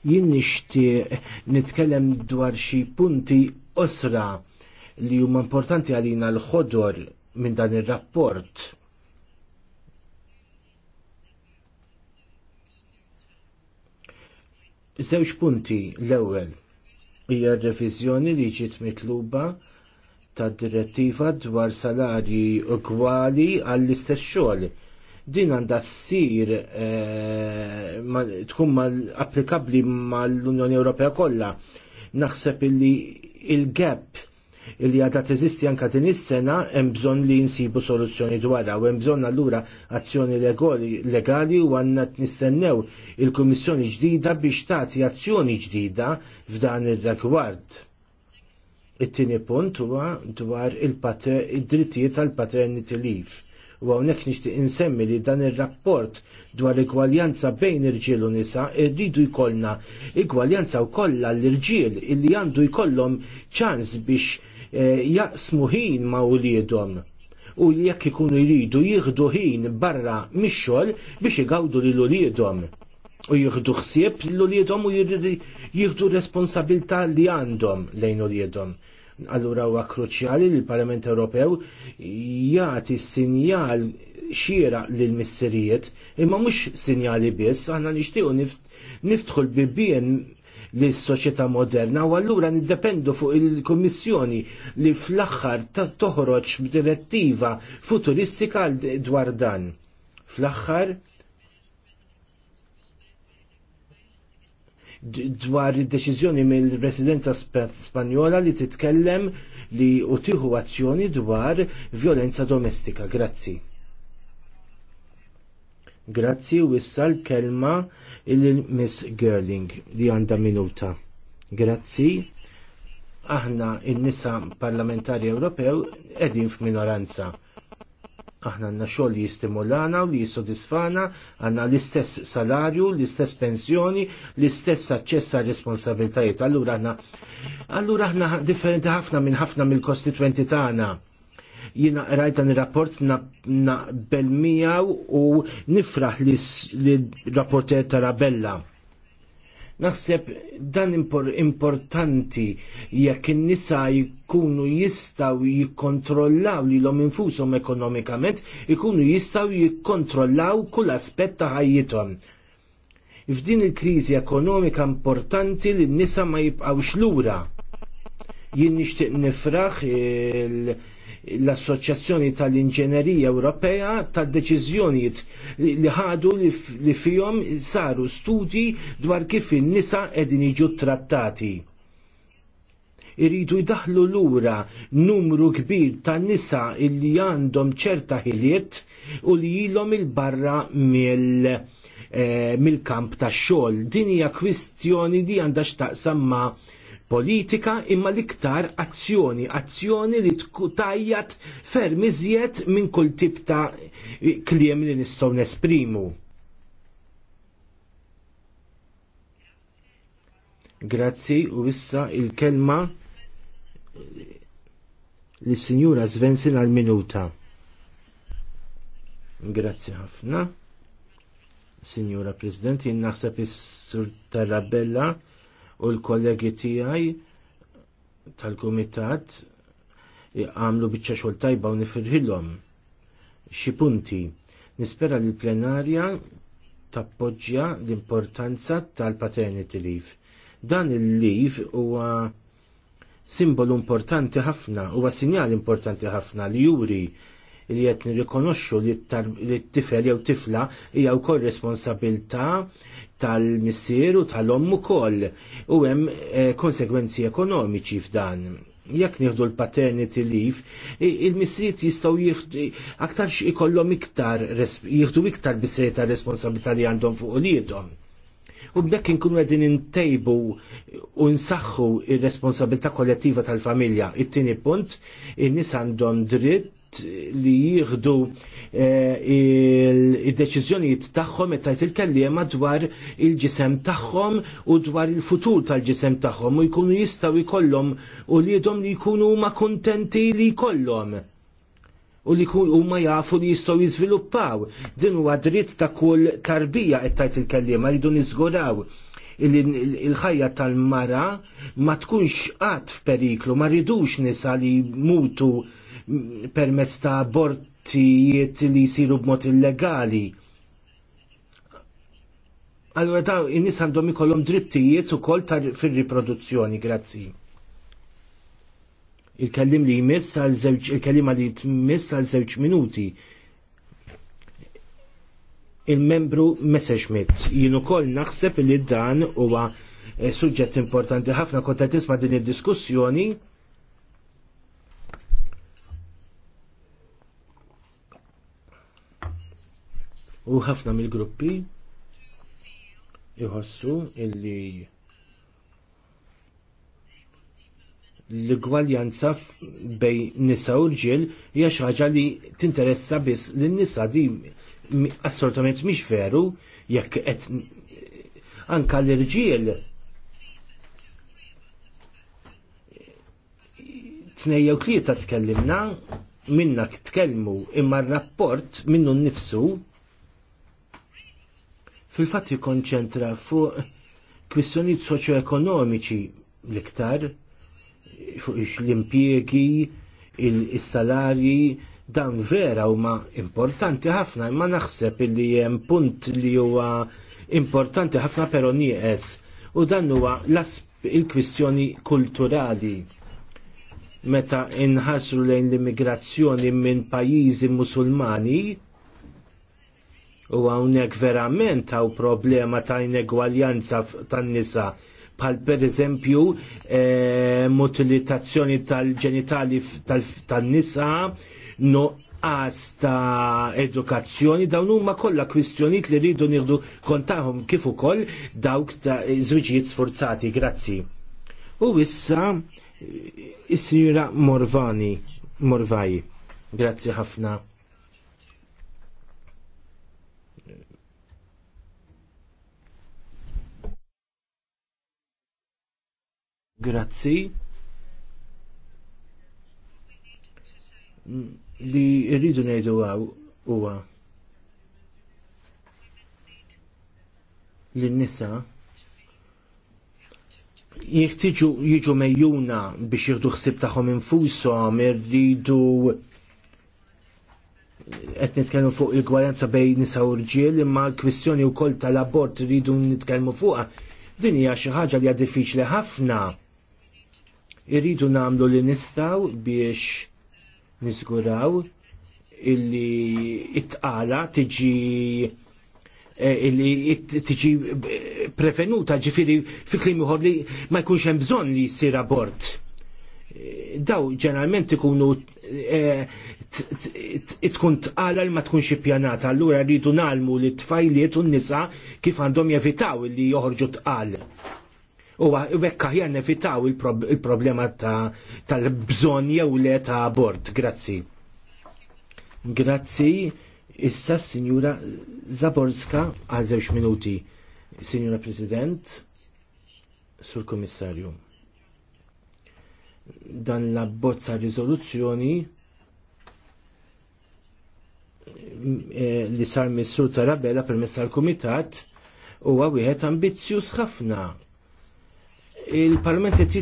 Jien nixtieq nitkellem dwar xi punti osra li huma importanti għalina l-ħodor minn dan ir-rapport Żewġ punti l-ewwel hija r-reviżjoni li ġiet mitluba tad direttiva dwar salarji ugwali għall-istess xogħol. Din għandha ssir eh, tkun applikabbli mal-Unjoni Ewropea kollha. Naħseb illi il-gap Illi għadha teżisti anka din is-sena hemm bżonn li nsibu soluzzjoni dwarha u hemm bżonn allura azzjoni legali u għandna nistennew il-Kummissjoni ġdida biex tagħti azzjoni ġdida f'dan ir-rigward. It-tieni punt huwa dwar id-drittijiet tal-paternity leave u għawnek nishtiq insemmi li dan il-rapport dwar igwaljanza bejn irġiel u nisa irridu jkollna igwaljanza u kollha l-irġiel illi għandu jkollhom ċans biex E, jaqsmu ħin ma' uliedhom u jekk ikunu jridu jieħdu ħin barra mix-xogħol biex igawdu lil uliedhom u jieħdu ħsieb l uliedhom u jieħdu responsabilità li għandhom lejn uliedhom. Allura huwa kruċjali li l-Parlament Ewropew jagħti sinjal xiera lil missirijiet imma mhux sinjali biss aħna nixtiequ niftħu l-bibien l-soċjetà moderna u allura niddependu fuq il-Kummissjoni li fl-aħħar toħroġ b'direttiva futuristika dwar dan. Fl-aħħar dwar id-deċiżjoni mill residenza Spanjola li titkellem li utiħu azzjoni dwar violenza domestika. Grazzi. Grazzi u issa l-kelma il-Miss Girling li għanda minuta. Grazzi aħna il-nisa parlamentari Ewropew edin f'minoranza. Aħna għanna xogħol jistimulana u li jissodisfana, għanna l-istess salarju, l-istess pensjoni, l-istess aċċessa għal responsabiltajiet. Allura aħna allura aħna differenti ħafna minn ħafna mill-kostitwenti tagħna. Jina rajt dan il-rapport naqbel miegħu u nifraħ li l-rapporter tarabella. Naħseb dan importanti jekk in-nisa jkunu jistaw jikkontrollaw li l-om infushom ekonomikament, jkunu jistaw jikkontrollaw kull aspett ta' ħajjithom. F'din il-kriżi ekonomika importanti li n-nisa ma jibqgħux lura. Jien nixtieq nifraħ il- l-Assoċjazzjoni tal-Inġenerija Ewropea tad-deċiżjonijiet li ħadu li fihom saru studji dwar kif in-nisa qegħdin jiġu trattati. Iridu jdaħlu lura numru kbir ta' nisa illi għandhom ċerta ħiliet u li ilhom il-barra mill eh, mil kamp ta' xogħol. Din hija kwistjoni li għandha x'taqsam ma' politika imma l-iktar azzjoni, azzjoni li tajjat ferm iżjed minn kull tip ta' kliem li nistgħu nesprimu. Grazzi u issa il-kelma li sinjura Svensin għal minuta. Grazzi ħafna. Sinjura President, jien naħseb is-Sur Tarabella u l-kollegi tiegħi tal-kumitat għamlu biċċa xogħol tajba u nifirħilhom punti. Nispera li l-plenarja tappoġġja l-importanza tal-paternity leave. Dan il-leave huwa simbolu importanti ħafna, huwa sinjal importanti ħafna li juri li qed nirrikonoxxu li t-tifel jew tifla hija wkoll responsabilità tal-missier u tal-omm ukoll u hemm eh, konsegwenzi ekonomiċi f'dan jekk nieħdu l-paternity leave, il-misriet jistgħu jieħdu aktarx ikollhom iktar jieħdu iktar ta' responsabilità li għandhom fuq uliedhom. U b'dekk inkunu qegħdin intejbu u nsaħħu ir-responsabilità kollettiva tal-familja. It-tieni punt, in-nies għandhom dritt li jieħdu eh, il-deċizjonijiet tagħhom meta il-kellima dwar il-ġisem tagħhom u dwar il-futur tal-ġisem tagħhom u jkunu jistgħu jkollhom u li jidhom li jkunu huma kuntenti li jkollhom u li kun huma jafu li jistgħu jiżviluppaw. Din huwa dritt ta' kull tarbija qed tajt il-kellima li dun iżguraw il-ħajja tal-mara ma tkunx qatt f'periklu, ma rridux nisa li mutu permezz ta' abortijiet li jisiru b'mod illegali. Allora ta' in-nies għandhom ikollhom drittijiet ukoll ta' fir-riproduzzjoni, grazzi. Il-kellim li jmiss għal żewġ il-kellima li jmiss għal żewġ minuti. Il-membru Schmidt jien ukoll naħseb li dan huwa eh, suġġett importanti ħafna kont qed din id-diskussjoni U ħafna mill-gruppi iħossu illi l-gwaljanza bej nisa u rġil hija xi ħaġa li tinteressa biss lin-nisa di assolutament mhix veru jekk qed anka l-irġiel tnejja u tlieta tkellimna minnak tkellmu imma r-rapport minnu nnifsu fil-fatt jikkonċentra fuq kwistjonijiet soċjoekonomiċi l-iktar, fuq l-impjegi, il-salarji, dan vera huma importanti ħafna, imma naħseb li hemm punt li huwa importanti ħafna però nieqes u dan huwa il-kwistjoni kulturali meta inħasru lejn l-immigrazzjoni minn pajjiżi musulmani U hawnhekk verament hawn problema ta' inegwaljanza tan-nisa bħal pereżempju eh, mutilitazzjoni tal-ġenitali tan-nisa no ta' edukazzjoni dawn huma kollha kwistjonijiet li rridu nieħdu kontahom kif ukoll dawk ta' żwiġijiet sforzati. Grazzi. U issa eh, is-sinjura Morvani, Morvaj. Grazzi ħafna. Grazzi. Li rridu ngħidu għaw huwa li nisa jiħtiġu jiġu mejjuna biex jieħdu ħsib tagħhom infushom irridu qed nitkellmu fuq il-gwaranza bejn nisa u rġiel imma l-kwistjoni wkoll tal-abort rridu nitkellmu fuqha din hija xi ħaġa li hija diffiċli ħafna irridu namlu li nistaw biex nizguraw illi it-tqala tiġi eh, illi tiġi eh, prevenuta ġifiri fi klim li ma jkunx hemm bżonn li jsir abort. Eh, daw ġeneralment ikunu tkun tqala li ma tkunx ippjanata, allura rridu nagħmlu li t-tfajliet u n-nisa kif għandhom jevitaw li joħorġu tqal. U wekka ħjar nevitaw il-problema tal-bżon jew le ta' abort. Grazzi. Grazzi. Issa Sinjura Zaborska għal żewġ minuti. Sinjura President, Sur Komissarju. Dan la bozza riżoluzzjoni eh, li sar missur tarabella permessa tal-Kumitat huwa wieħed ambizzjuż ħafna il-parlament qed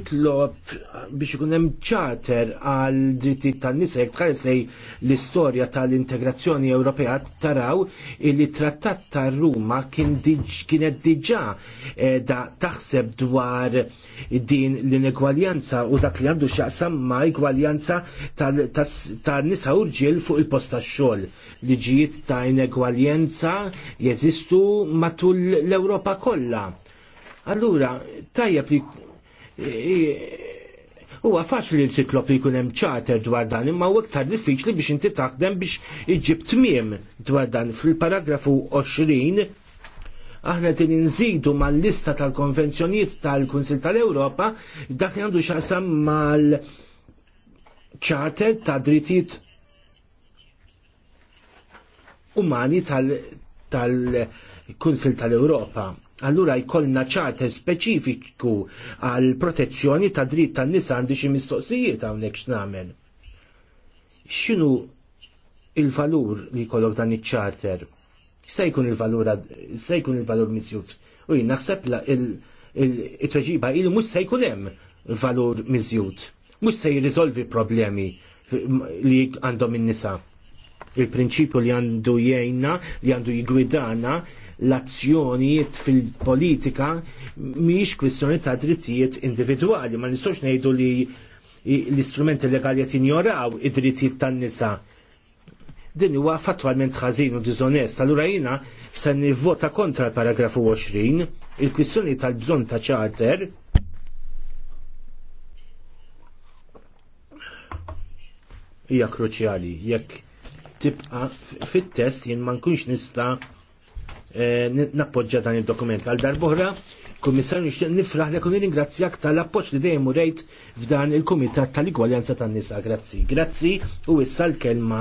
biex ikun hemm ċarter għal drittijiet tan-nisa jekk tħares l-istorja tal-integrazzjoni Ewropea taraw li trattat ta' Ruma kien kienet diġà eh, da taħseb dwar din l-inegwaljanza u dak li għandu x'jaqsam ma' igwaljanza tan-nisa u rġiel fuq il-post tax-xogħol. Liġijiet ta' inegwaljenza jeżistu matul l-Ewropa kollha Allura, tajjeb li e, e, huwa faċli li titlop li jkun hemm charter dwar dan, imma huwa iktar diffiċli biex inti taħdem biex iġib tmiem dwar dan. Fil-paragrafu 20 aħna din nżidu mal-lista tal-konvenzjonijiet tal-Kunsil tal-Ewropa dak li għandu xaqsam mal-charter ta' drittijiet umani tal-Kunsil tal-Ewropa. Allura jkollna ċarter speċifiku għal protezzjoni ta' dritt tan nisa għandi xi mistoqsijiet hawnhekk x'nagħmel. X'inhu il-valur li jkollok dan iċ charter Se jkun il-valur se jkun il-valur miżjud. U jien naħseb it-tweġiba il mhux se jkun hemm valur miżjud. Mhux se jirriżolvi problemi li għandhom in-nisa. Il-prinċipju li għandu jgħinna, li għandu jgwidana, l-azzjonijiet fil-politika miex kwistjoni ta' drittijiet individwali. Ma nistax ngħidu li l-istrumenti legali qed jinjoraw id-drittijiet tan-nisa. Din huwa fatwalment ħażin u diżonest. Allura jiena se nivvota kontra l-paragrafu 20, il-kwistjoni tal-bżonn ta' charter hija kruċjali jekk tibqa fit-test jien ma nkunx nista' Eh, nappoġġa dan il-dokument għal darbohra. kummissar nixtieq nifraħ li kun ringrazzjak tal-appoġġ li dejjem urejt f'dan il-Kumitat tal-Igwaljanza tan-nisa. Grazzi. Grazzi u issa l-kelma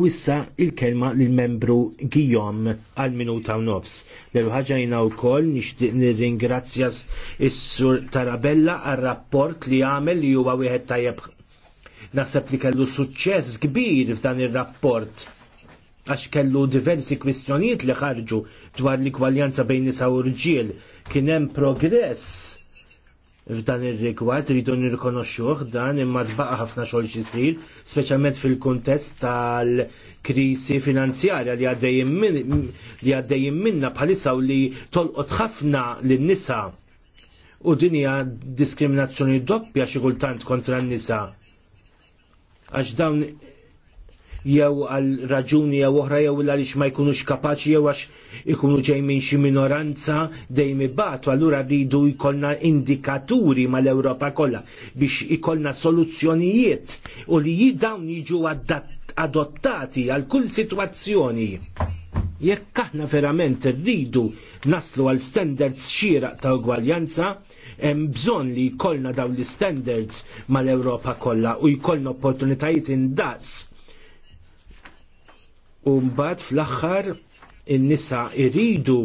u issa il-kelma lill-membru Gijom għal minuta u nofs. L-ħagġa jina u kol nishtiq nir s-sur Tarabella għal rapport li għamel li huwa wieħed tajjeb naħseb li kellu suċċess kbir f'dan ir-rapport għax kellu diversi kwistjonijiet li ħarġu dwar l-ikwaljanza bejn nisa u rġiel kien hemm progress f'dan ir-rigward rridu nirrikonoxxuh dan imma tbaqa' ħafna xogħol xisir, speċjalment fil-kuntest tal-krisi finanzjarja li għaddejjin minna bħalissa u li tolqot ħafna lin-nisa u din hija diskriminazzjoni doppja xi kultant kontra n-nisa. Għax dawn jew għal raġuni jew oħra jew għaliex ma jkunux kapaċi jew għax ikunu ġej minn xi minoranza dejjem ibatu allura rridu jkollna indikaturi mal-Ewropa kollha biex ikollna soluzzjonijiet u li dawn jiġu adottati għal kull sitwazzjoni. Jekk aħna verament rridu naslu għal standards xieraq ta' ugwaljanza, hemm bżonn li jkollna dawn l-standards mal-Ewropa kollha u jkollna opportunitajiet indaqs u mbagħad fl-aħħar in-nisa iridu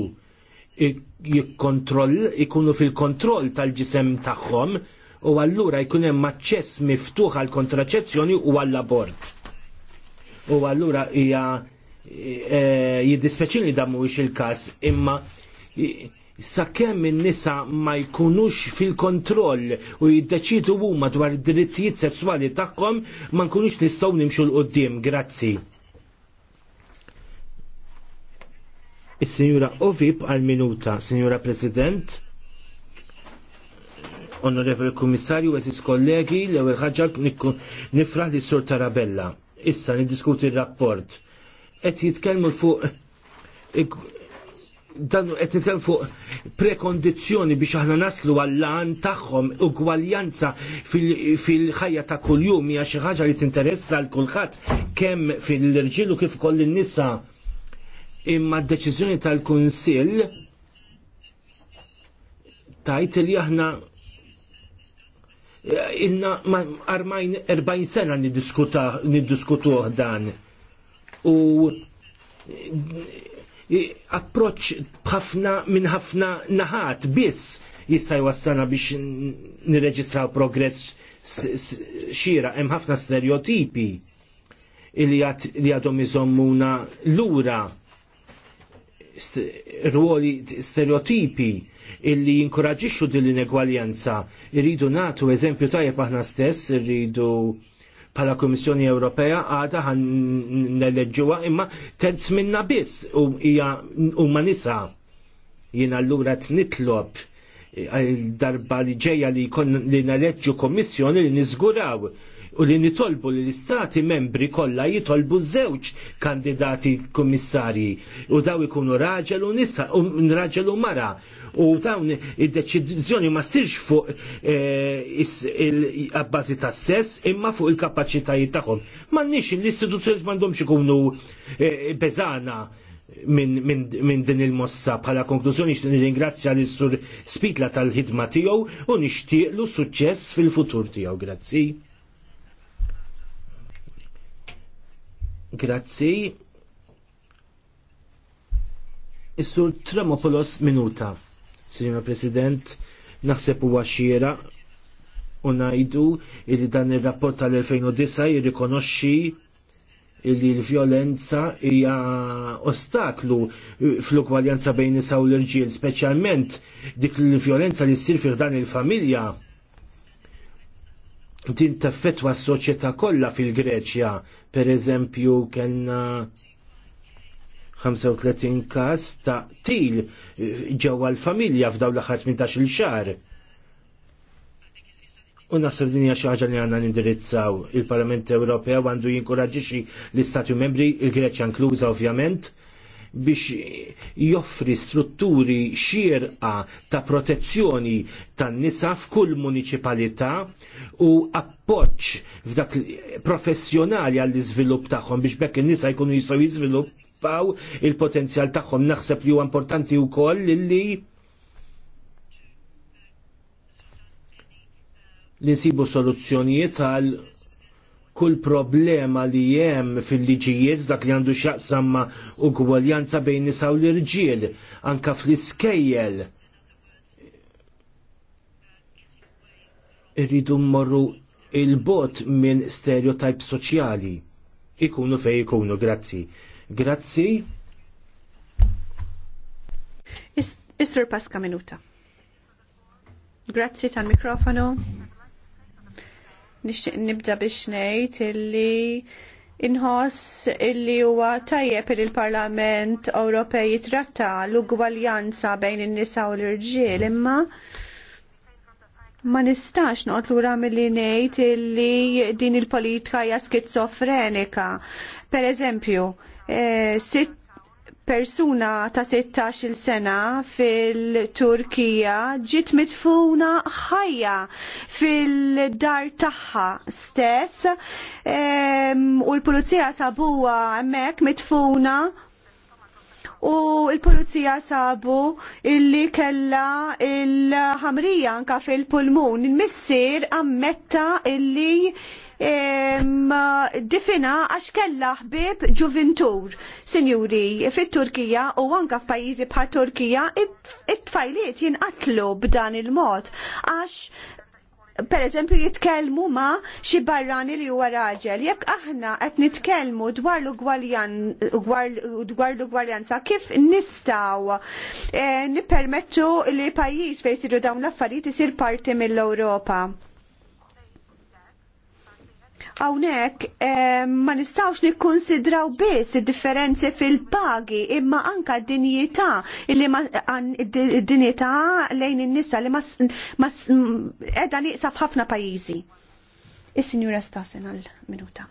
jikkontroll ikunu fil-kontroll tal-ġisem tagħhom u allura jkun hemm aċċess miftuħ għal kontraċezzjoni u għall abort U allura hija e, li damu mhuwiex il-każ imma sakemm in-nisa ma jkunux fil-kontroll u jiddeċidu huma dwar id-drittijiet sesswali tagħhom ma nkunux nistgħu nimxu l-qudiem. Grazzi. Is-Sinjura Ovib għal-minuta, Sinjura President, Onorevoli Kummissarju, eżis kollegi, l-ewel ħagġa nifraħ li s-Sur Tarabella. Issa niddiskuti il-rapport. Et jitkellmu fuq dan qed nitkellem fuq prekondizzjoni biex aħna naslu għall-lan tagħhom ugwaljanza fil-ħajja ta' kuljum hija xi ħaġa li tinteressa l kulħadd kemm fil-irġiel u kif ukoll in-nisa imma d-deċiżjoni tal-Kunsill tajt li aħna inna armajn 40 sena niddiskutu dan. U approċ bħafna minn ħafna naħat biss jista' jwassana biex nirreġistraw progress xira hemm ħafna stereotipi li għadhom iżommuna lura ruoli stereotipi illi jinkoraġixxu din l-inegwaljanza. Irridu natu eżempju tajjeb aħna stess, irridu bħala Komissjoni Ewropea għada ħan neleġġuha imma terz minna biss u hija huma nisa. Jien allura nitlob eh, darba li ġejja li jkun li naleġġu kommissjoni li niżguraw u li nitolbu li l-istati membri kollha jitolbu żewġ kandidati kummissarji u daw ikunu raġel u nisa u raġel u mara u dawn id-deċiżjoni ma sirx fuq eh, il-abbażi ta' sess imma fuq il-kapaċitajiet tagħhom. M'għandniex l-istituzzjoni m'għandhomx ikunu eh, beżana minn min, min din il-mossa bħala konklużjoni nirringrazzja l sur Spitla tal-ħidma tiegħu u nixtieq lu suċċess fil-futur tiegħu. Grazzi. Grazzi. Is-sur Tremopolos minuta. Signora President, naħseb huwa xiera u ngħidu li dan ir-rapport tal-2009 jirrikonoxxi li l-vjolenza hija ostaklu fl-ugwaljanza bejn nisa u l-irġiel, speċjalment dik l-vjolenza li ssir fih dan il-familja din taffetwa s-soċjetà kollha fil-Greċja. Per eżempju, kellna 35 każ ta' til ġewwa l-familja f'daw l-aħħar 18 il xahar. U naħseb din hija xi ħaġa li għandna nindirizzaw. Il-Parlament Ewropew għandu jinkoraġġi l-Istati Membri, il-Greċja inkluża ovvjament, biex joffri strutturi xierqa ta' protezzjoni tan-nisa f'kull municipalità u appoġġ f'dak professjonali għall-iżvilupp tagħhom biex bekk in-nisa jkunu jistgħu jiżviluppaw il-potenzjal tagħhom naħseb li huwa importanti wkoll li li nsibu soluzzjonijiet għal kull problema li jem fil-liġijiet dak li għandu xaqsamma u gwaljanza bejn nisa u l-irġiel, anka fl-iskejjel. Irridu mmorru il-bot minn stereotype soċjali. Ikunu fej ikunu, grazzi. Grazzi. Is Isr paska Minuta. Grazzi tal-mikrofonu nixtieq nibda biex ngħid illi inħoss illi huwa tajjeb li l-Parlament Ewropej jitratta l-ugwaljanza bejn in-nisa u l-irġiel imma ma nistax noqgħod lura milli ngħid illi din il-politika hija skizofrenika. Per eżempju, eh, sitt persuna ta' 16 sena fil-Turkija ġiet mitfuna ħajja fil-dar tagħha stess u l-pulizija sabuha hemmhekk mitfuna u l-pulizija sabu illi kella il-ħamrija anka fil-pulmun. Il-missier ammetta illi difina għax kella ħbib ġuventur. Sinjuri, fit-Turkija u anka f'pajjiżi bħal Turkija, it-tfajliet jinqatlu b'dan il-mod għax per eżempju jitkellmu ma xi barrani li huwa raġel. Jekk aħna qed nitkellmu dwar l-ugwaljanza kif nistgħu eh, nippermettu li pajjiż fejn jsiru dawn l-affarijiet isir parti mill-Ewropa. Hawnhekk eh, ma nistgħux nikkonsidraw biss id-differenzi fil-pagi imma anka d-dinjità li d-dinjità lejn in-nisa li ma edha nieqsa f'ħafna pajjiżi. Is-Sinjura Stasen għal-minuta.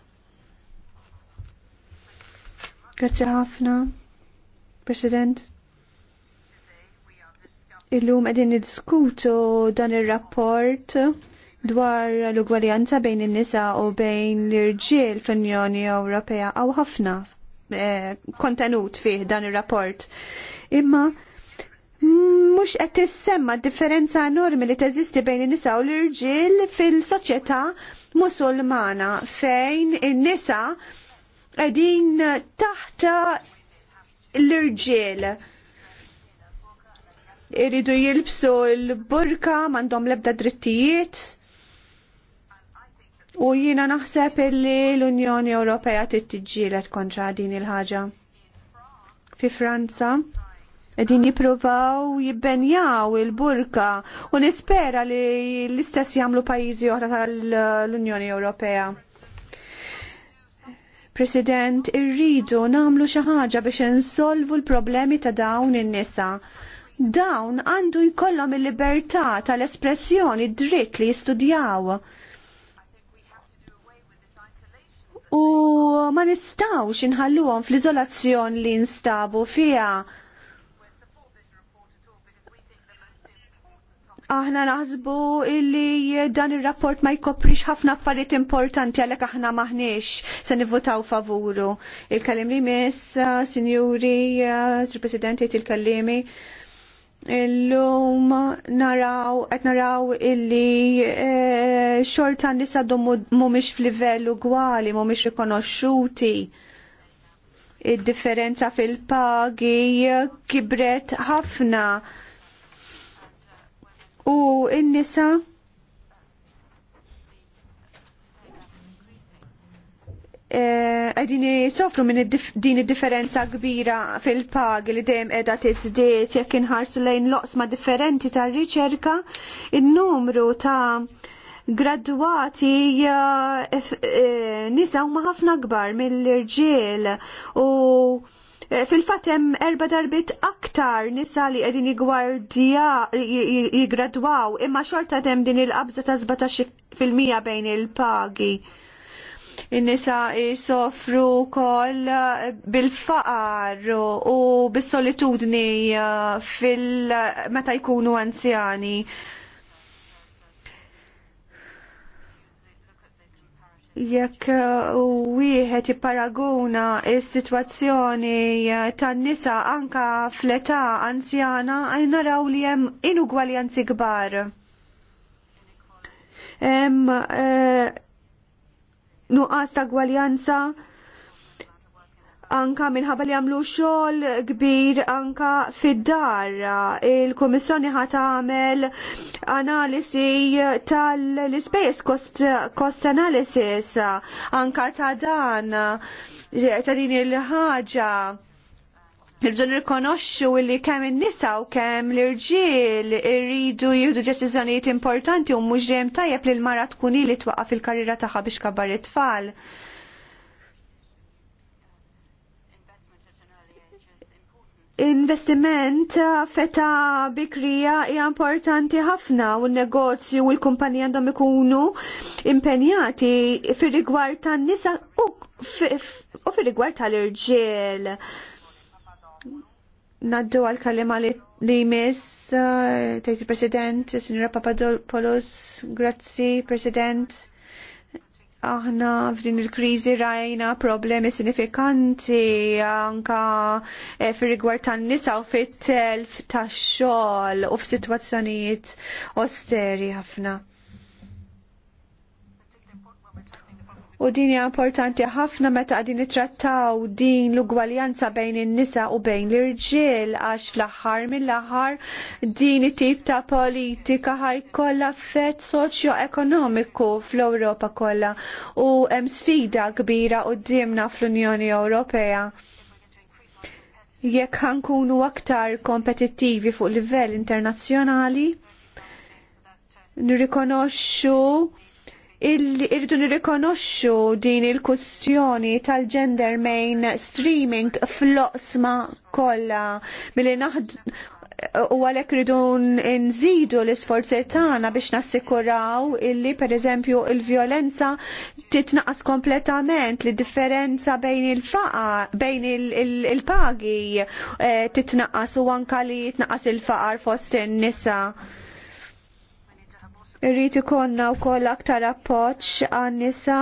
Grazzi ħafna, President. Illum qegħdin niddiskutu dan ir-rapport dwar l-ugwaljanza bejn in-nisa u bejn l-irġiel fl-Unjoni Ewropea għaw ħafna eh, kontenut fih dan ir-rapport. Imma mhux qed tissemma differenza enormi li teżisti bejn in-nisa u l-irġiel fil-soċjetà musulmana fejn in-nisa qegħdin taħt l-irġiel iridu jilbsu l-burka, mandom lebda drittijiet. U jina naħseb illi l-Unjoni Ewropea tittiġġielet kontra din il-ħaġa. Fi Franza, edin jipruvaw jibbenjaw il-burka u nispera li l-istess jamlu pajizi oħra tal-Unjoni Ewropea. President, irridu namlu xi ħaġa biex insolvu l-problemi ta' dawn in-nisa dawn għandu jkollhom il-libertà tal-espressjoni dritt li jistudjaw u ma nistawx inħalluhom fl-izolazzjon li nstabu fija. Aħna naħsbu illi dan ir-rapport ma jkoprix ħafna affarijiet importanti għalhekk aħna maħniex se nivvotaw favuru. Il-kalim li miss, uh, sinjuri, uh, Sir Presidenti, il-kalimi. jgħid il kalimi Illum naraw, qed naraw illi e, xorta nisa mhumiex f'livell ugwali, mhumiex rikonoxxuti. Id-differenza fil-pagi kibret ħafna. U in nisa Eh, għedini sofru minn din id-differenza kbira fil-pag li dejjem qiegħda izdiet jekk inħarsu lejn loqsma differenti tar-riċerka, il numru ta' graduati eh, nisa huma ħafna kbar mill-irġiel u eh, Fil-fatem erba darbit aktar nisa li għedini jigwardja jigradwaw imma xorta dem din il-qabza ta' 17% bejn il-pagi in-nisa jisofru wkoll bil-faqar u bis-solitudni eh, fil meta jkunu anzjani. jekk eh, wieħed jipparaguna s-sitwazzjoni eh, tan-nisa anka fl-età anzjana naraw li hemm inugwaljanzi kbar. Hemm nuqqas ta' gwaljanza anka minħabba li għamlu xogħol kbir anka fid-dar. Il-Kummissjoni ħat għamel analisi tal space cost, cost analysis anka ta' dan ta' din il-ħaġa Nibżon rikonoxxu li kemm in-nisa u kemm l-irġiel irridu jieħdu deċiżjonijiet importanti u mhux dejjem tajjeb li l-mara tkun li twaqa' fil-karriera tagħha biex kabar it-tfal. Investiment feta bikrija hija importanti ħafna u n-negozju u l-kumpanija għandhom ikunu impenjati fir-rigward tan-nisa u fir-rigward tal-irġiel. Naddu għal-kalima li jmiss, eh, tejt il-President, Sinra Papadopoulos, grazzi, President. Aħna f'din il-krizi rajna problemi sinifikanti anka eh, fir rigward tan-nisa u fit-telf tax-xogħol u f'sitwazzjonijiet osteri ħafna. U din hija importanti ħafna meta qegħdin nittrattaw din l-ugwaljanza bejn in-nisa u bejn l-irġiel għax fl-aħħar mill-aħħar din it-tip ta' politika ħajkollha effett soċjo-ekonomiku fl-Ewropa kollha u hemm sfida kbira qudiemna fl-Unjoni Ewropea. Jekk ħankunu aktar kompetittivi fuq livell internazzjonali, nirrikonoxxu irridu nirrikonoxxu din il-kustjoni tal-gender main streaming fl-oqsma kollha milli naħd u għalek rridu nżidu l-isforzi tagħna biex nassikuraw illi pereżempju il-vjolenza titnaqas kompletament li differenza bejn il-faqa bejn il-pagi eh, titnaqas u anka li jitnaqas il-faqar fost in-nisa. Irrid ikonna wkoll aktar appoġġ għannisa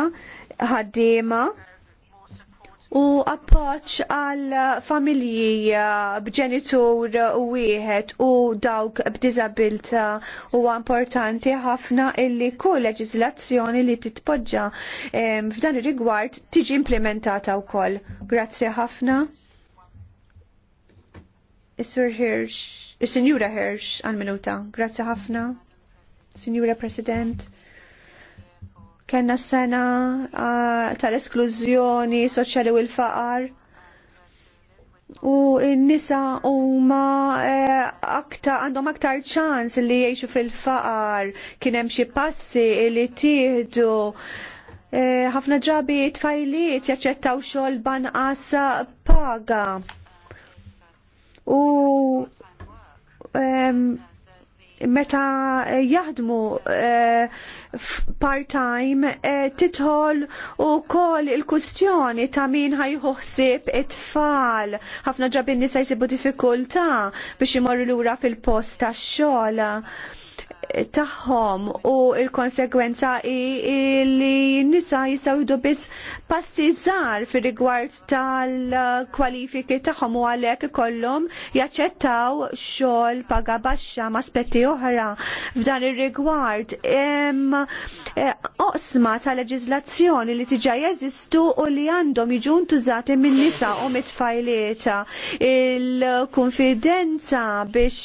ħaddima ħaddiema u appoġġ għal familji eh, b'ġenitur wieħed u dawk b'diżabilità huwa importanti ħafna illi kull leġiżlazzjoni li titpoġġa f'dan ir-rigward tiġi implementata wkoll. Grazzi ħafna. Is-Sur Hirsch, is-Sinjura Hirsch għal minuta. Grazzi ħafna. Signora President, kena s-sena tal-esklużjoni soċjali u l-faqar u n-nisa huma e, akta, għandhom aktar ċans li jgħixu fil-faqar kien hemm xi passi li tiħdu e, ħafna ġabi tfajliet jaċċettaw xogħol banqas paga u meta eh, jaħdmu eh, part-time eh, titħol u kol il-kustjoni ta' min ħajħuħsib it-tfal. ħafna ġabin nisa jisibu diffikulta biex imorru l-ura fil-post ta' xola tagħhom u l-konsegwenza li nisa jistgħu biss passi żgħar fir-rigward tal-kwalifiki tagħhom u għalhekk ikollhom jaċċettaw xogħol paga baxxa ma' aspetti oħra f'dan ir-rigward hemm eh, oqsma ta' leġiżlazzjoni li tiġa jeżistu u li għandhom jiġu ntużati min-nisa u mit-tfajlieta il-konfidenza biex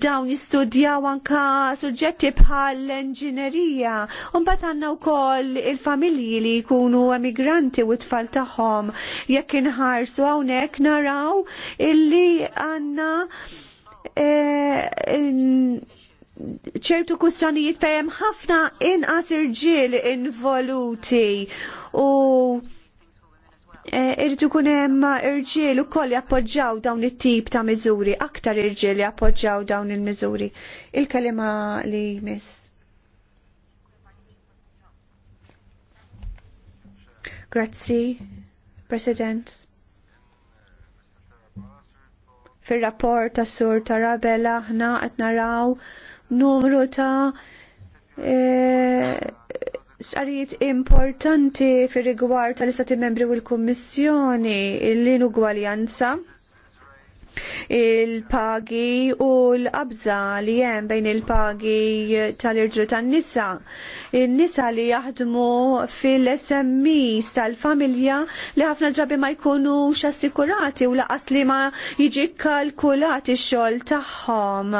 dawn jistudjaw anka suġġetti bħal l-enġinerija, un bat għanna u koll il-familji li jkunu emigranti u tfal taħħom, jekk inħarsu għawnek naraw illi għanna eh, ċertu kustjonijiet fejem ħafna inqas irġiel involuti u Eh, irritu kunem hemm irġiel ukoll jappoġġjaw dawn it-tip ta' miżuri, aktar irġiel jappoġġaw dawn il-miżuri. Il-kelima li miss. Grazzi, President. Fir-rapport ta' Sur Tarabella aħna qed naraw numru ta' eh, xarijiet importanti fir rigward tal-Istati Membri u l-Kummissjoni l-inugwaljanza il-pagi u l-qabza li jem bejn il-pagi tal-irġu tan-nisa. Il-nisa li jaħdmu fil smi tal-familja li ħafna ġabi ma jkunux xassikurati u laqas li ma jiġi kalkulati xol taħħom.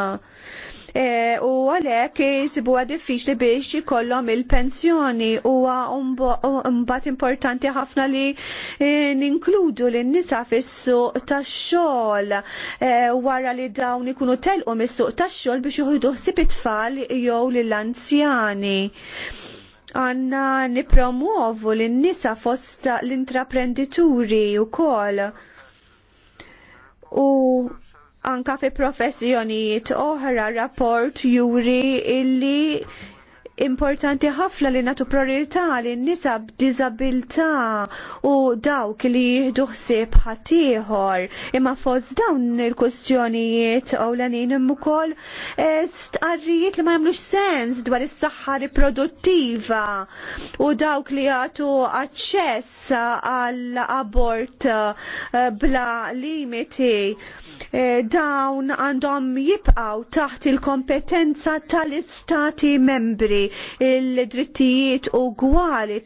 E, u għalhekk jisibuha diffiċli biex jkollhom il-pensjoni huwa mbagħad importanti ħafna li e, ninkludu lin nisa fis-suq tax-xogħol e, wara li dawn ikunu telqu mis-suq tax-xogħol biex joħdu ħsieb it-tfal jew lill-anzjani għanna nipromuovu l-nisa fost l-intraprendituri u kol. U anka fi professjonijiet oħra rapport juri illi importanti ħafna li natu priorità li nisa b'diżabilità u dawk li jieħdu ħsieb ieħor, Imma fost dawn il kwistjonijiet ewlenin hemm ukoll eh, stqarrijiet li ma jagħmlux sens dwar is-saħħa riproduttiva u dawk li jagħtu aċċess għal abort eh, bla limiti eh, dawn għandhom jibqaw taħt il-kompetenza tal-istati membri il-drittijiet u gwali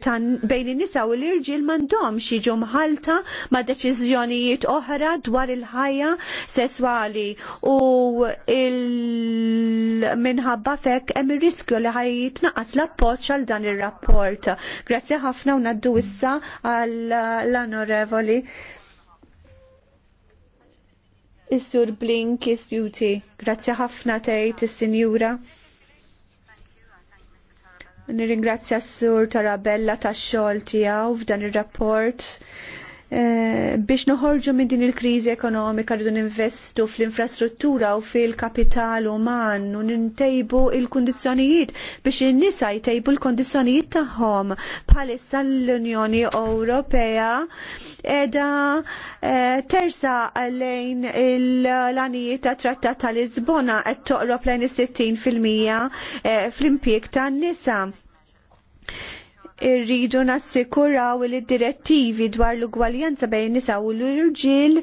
bejn in-nisa u l-irġiel m'għandhomx jiġu mħalta ma' deċiżjonijiet oħra dwar il-ħajja sesswali u il minħabba fekk hemm ir-riskju li ħaj jitnaqas l-appoġġ għal dan ir-rapport. Grazzi ħafna u naddu issa għall-onorevoli. Is-sur Blink, is-juti, grazzi ħafna tgħid is-sinjura. Nirringrazzja s-sur Tarabella tax xogħol tiegħu f'dan ir-rapport Eh, biex noħorġu minn din il-kriżi ekonomika rridu ninvestu fl-infrastruttura u fil-kapital uman u nintejbu il kundizzjonijiet biex in-nisa jtejbu l kundizzjonijiet tagħhom bħalissa l-Unjoni Ewropea edha eh, tersa lejn l-anijiet ta' trattat ta' Lisbona qed toqrob lejn is-60 fil-mija eh, fl-impjieg tan-nisa irridu nassikuraw li d-direttivi dwar l-ugwaljanza bejn nisa u l-irġiel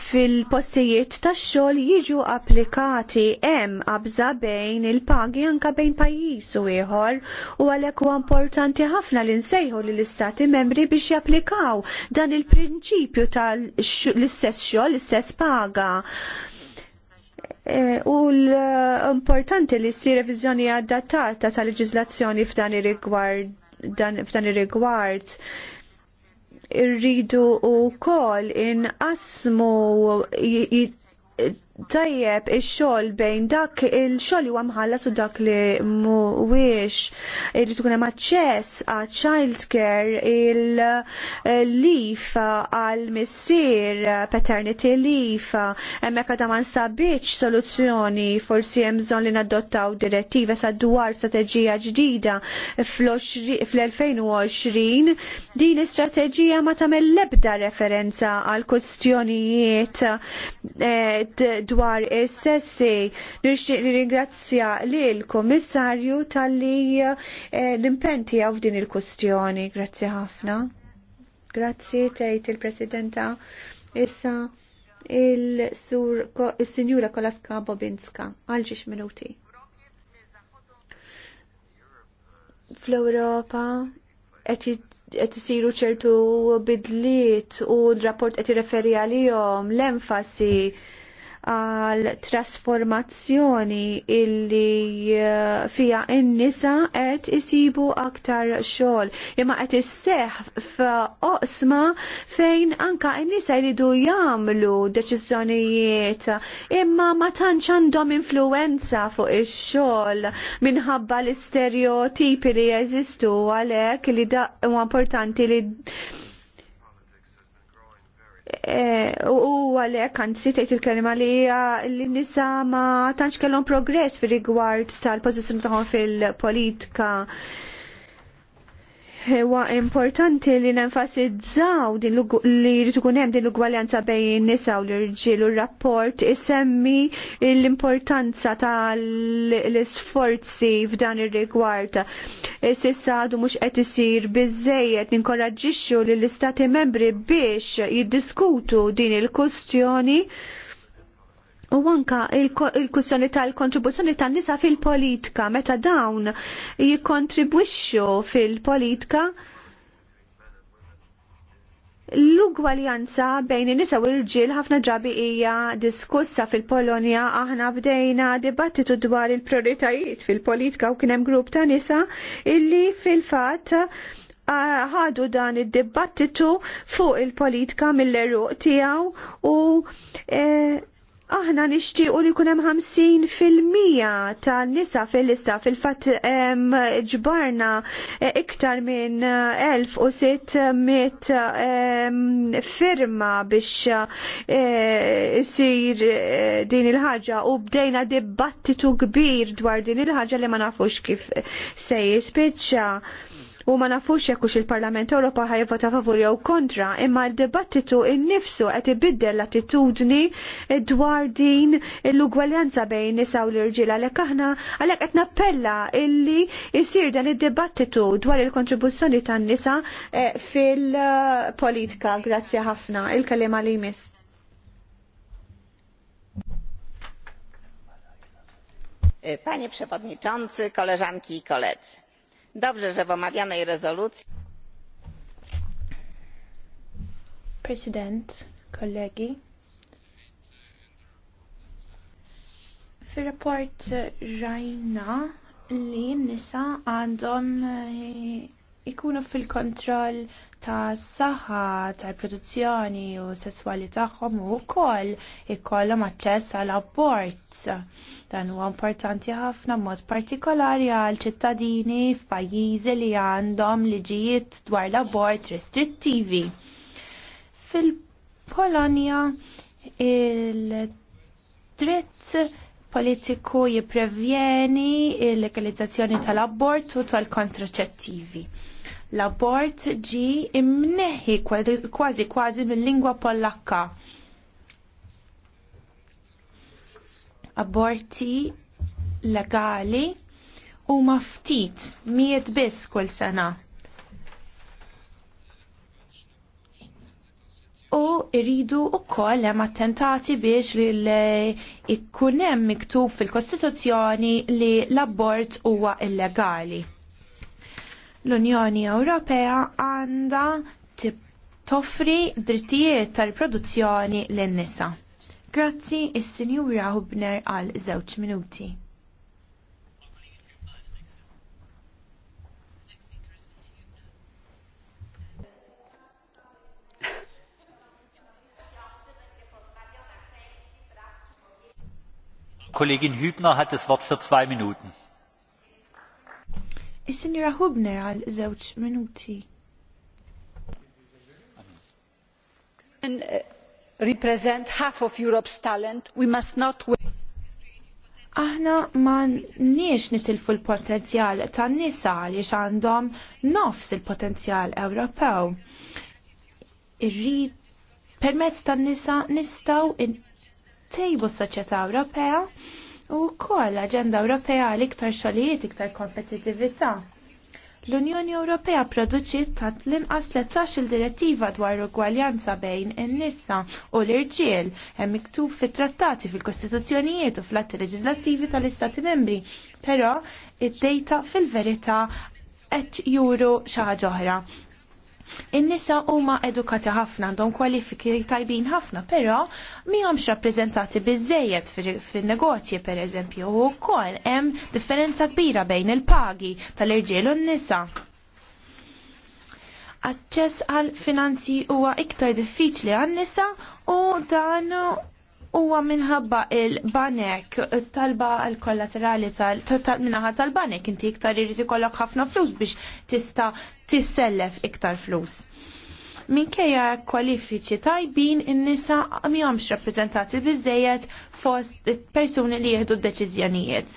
fil-postijiet tax xogħol jiġu applikati hemm qabża bejn il-pagi anke bejn pajjiż u ieħor u għalhekk huwa importanti ħafna li nsejħu lill istati membri biex japplikaw dan il-prinċipju tal-istess xogħol, l-istess paga. E, u l-importanti li s reviżjoni adattata ta' leġislazzjoni f'dan ir-rigward f'dan ir-rigward irridu u kol in asmu tajjeb ix-xogħol bejn dak il-xogħol huwa mħallas u dak li mhuwiex irid ikun hemm aċċess għal child care il lif għal missier paternity lif hemmhekk għadha ma nstabitx soluzzjoni forsi hemm bżonn li nadottaw direttiva sa dwar strateġija ġdida fl-2020 din l-istrateġija ma tagħmel l-ebda referenza għal kwestjonijiet eh, dwar is-sessi nixtieq nirringrazzja lil kummissarju talli eh, l-impenti għaw din il-kustjoni. Grazzi ħafna. Grazzi tgħid il-Presidenta. Issa il-sur il-Sinjura Kolaska Bobinska għal ġiex minuti. Fl-Ewropa qed isiru ċertu bidliet u l-rapport qed irreferi għalihom l-enfasi għal trasformazzjoni illi eh, fija n-nisa qed isibu aktar xogħol imma qed isseħ f'oqsma fejn anka n-nisa jridu jagħmlu deċiżjonijiet imma ma tantx għandhom influenza fuq ix-xogħol minħabba l-istereotipi li jeżistu għalhekk li da huwa importanti li Eh, u għalek għan sitajt il-kelima li l-nisa ma tantx kellhom progress fir rigward tal-pożizzjoni tagħhom fil-politika Huwa importanti li nenfasizzaw li jrid ikun hemm din l-ugwaljanza bejn nisa u l-irġiel u r-rapport isemmi l-importanza tal-isforzi f'dan ir-rigward. Sissa għadu mhux qed isir biżejjed ninkoraġġixxu lill istati membri biex jiddiskutu din il-kustjoni U anka il-kussjoni tal-kontribuzzjoni tan nisa fil-politika, meta dawn jikontribwixxu fil-politika l-ugwaljanza bejn in-nisa u l-ġil ħafna ġabi hija diskussa fil-Polonja aħna bdejna dibattitu dwar il-prioritajiet fil-politika u kien hemm grupp ta' nisa illi fil-fatt ħadu dan id-dibattitu fuq il-politika mill-eruq tiegħu u e, aħna nixtiequ li kunem 50% ta' nisa fil-lista fil-fat ġbarna e, iktar minn 1600 e, firma biex e, sir din il-ħaġa u bdejna dibattitu kbir dwar din il-ħaġa li ma nafux kif se jispiċċa u ma nafux jekk il-Parlament Ewropa vota favur jew kontra, imma l-dibattitu innifsu qed ibiddel l-attitudni dwar din l-ugwaljanza bejn nisa u l-irġiel għalhekk aħna għalhekk qed nappella illi jsir dan id-dibattitu dwar il-kontribuzzjoni tan-nisa eh, fil-politika. Grazzi ħafna. Il-kelima li jmiss. Eh, panie Przewodniczący, koleżanki i koledzy Dobrze, że w omawianej rezolucji. President, kollegi. Fil-rapport rajna li nisa għandhom eh, ikunu fil-kontroll ta' saħħa tal-produzzjoni u sesswali tagħhom u wkoll ikollhom aċċess għal abort. Dan huwa importanti ħafna mod partikolari għal ċittadini f'pajjiżi li għandhom liġijiet dwar l-abort restrittivi. Fil-Polonja il-dritt politiku jipprevjeni il-legalizzazzjoni tal-abort u tal-kontraċettivi l-abort ġi imneħi kważi kważi mill-lingwa pollakka. Aborti legali u maftit miet biss kull sena. U iridu u koll hemm attentati biex li ikkun hemm miktub fil-Kostituzzjoni li l-abort huwa illegali. L-Unjoni Ewropea għandha toffri drittijiet tal-produzzjoni lin-nisa. Grazzi is-Sinjura Hubner għal żewġ minuti. Kollegin Hübner hat das Wort für zwei Minuten. Is-Sinjura Hubner għal żewġ minuti. And uh, represent half of Europe's talent, we must not Aħna ma niex nitilfu l-potenzjal tan nisa għaliex għandhom nofs il-potenzjal Ewropew. Irrid permezz tan nisa nistgħu tejbu s-soċjetà Ewropea U koll l-Aġenda Ewropea għal iktar xogħlijiet iktar kompetittività. L-Unjoni Ewropea produċiet ta' l 13 il-direttiva dwar ugwaljanza bejn in-nisa u l-irġiel hemm miktub fit-trattati fil-kostituzzjonijiet u fl-atti leġislattivi tal-Istati membri, però id-dejta fil-verità qed juru xi ħaġa oħra. In-nisa huma edukati ħafna, għandhom kwalifiki tajbin ħafna, però mihomx rappreżentati biżejjed fin-negozji pereżempju u wkoll hemm differenza kbira bejn il-pagi tal-irġiel u n-nisa. Aċċess għal finanzi huwa iktar diffiċli għan-nisa u dan huwa minħabba il-banek talba għal kollaterali tal-minaħa tal-banek inti iktar irriti ikollok ħafna flus biex tista tissellef iktar flus. Minkejja kwalifiċi tajbin in-nisa m'hemmx rappreżentati biżejjed fost persuni li jieħdu d-deċiżjonijiet.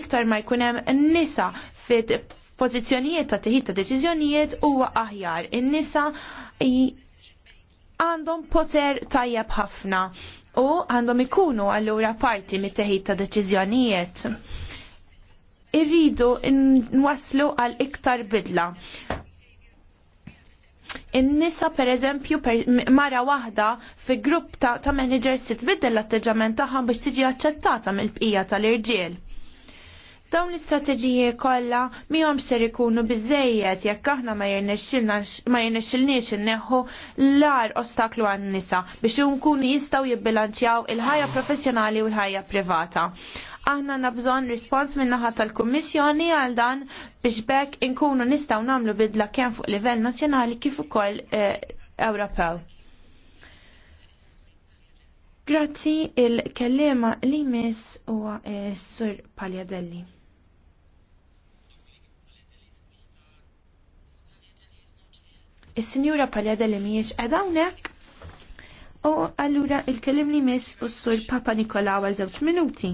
Iktar ma jkun hemm nisa fit pozizjonijiet ta' tiħid ta' deċiżjonijiet huwa aħjar. In-nisa għandhom poter tajjeb ħafna u għandhom ikunu allura parti mit-teħid ta' deċiżjonijiet. Irridu nwaslu għal iktar bidla. In-nisa per eżempju mara waħda fi grupp ta', ta managers titbiddel l-atteġġament tagħha biex tiġi aċċettata mill-bqija tal-irġiel. Dawn l-istrateġiji kollha miegħhom ser ikunu biżejjed jekk aħna ma jirnexxilniex inneħħu l-ar ostaklu għan-nisa biex inkunu jistgħu jibbilanċjaw il-ħajja professjonali u l-ħajja privata. Aħna bżonn rispons min-naħa tal-Kummissjoni għal dan biex bekk inkunu nistgħu nagħmlu bidla kemm fuq livell nazzjonali kif ukoll eh, Ewropew. Grazzi il-kellema li mis huwa eh, Sur Paljadelli. Is-Sinjura Paleda li miex għadawnek. hawnhekk. U allura il-kelim li miex u s-sur Papa Nikola għal minuti.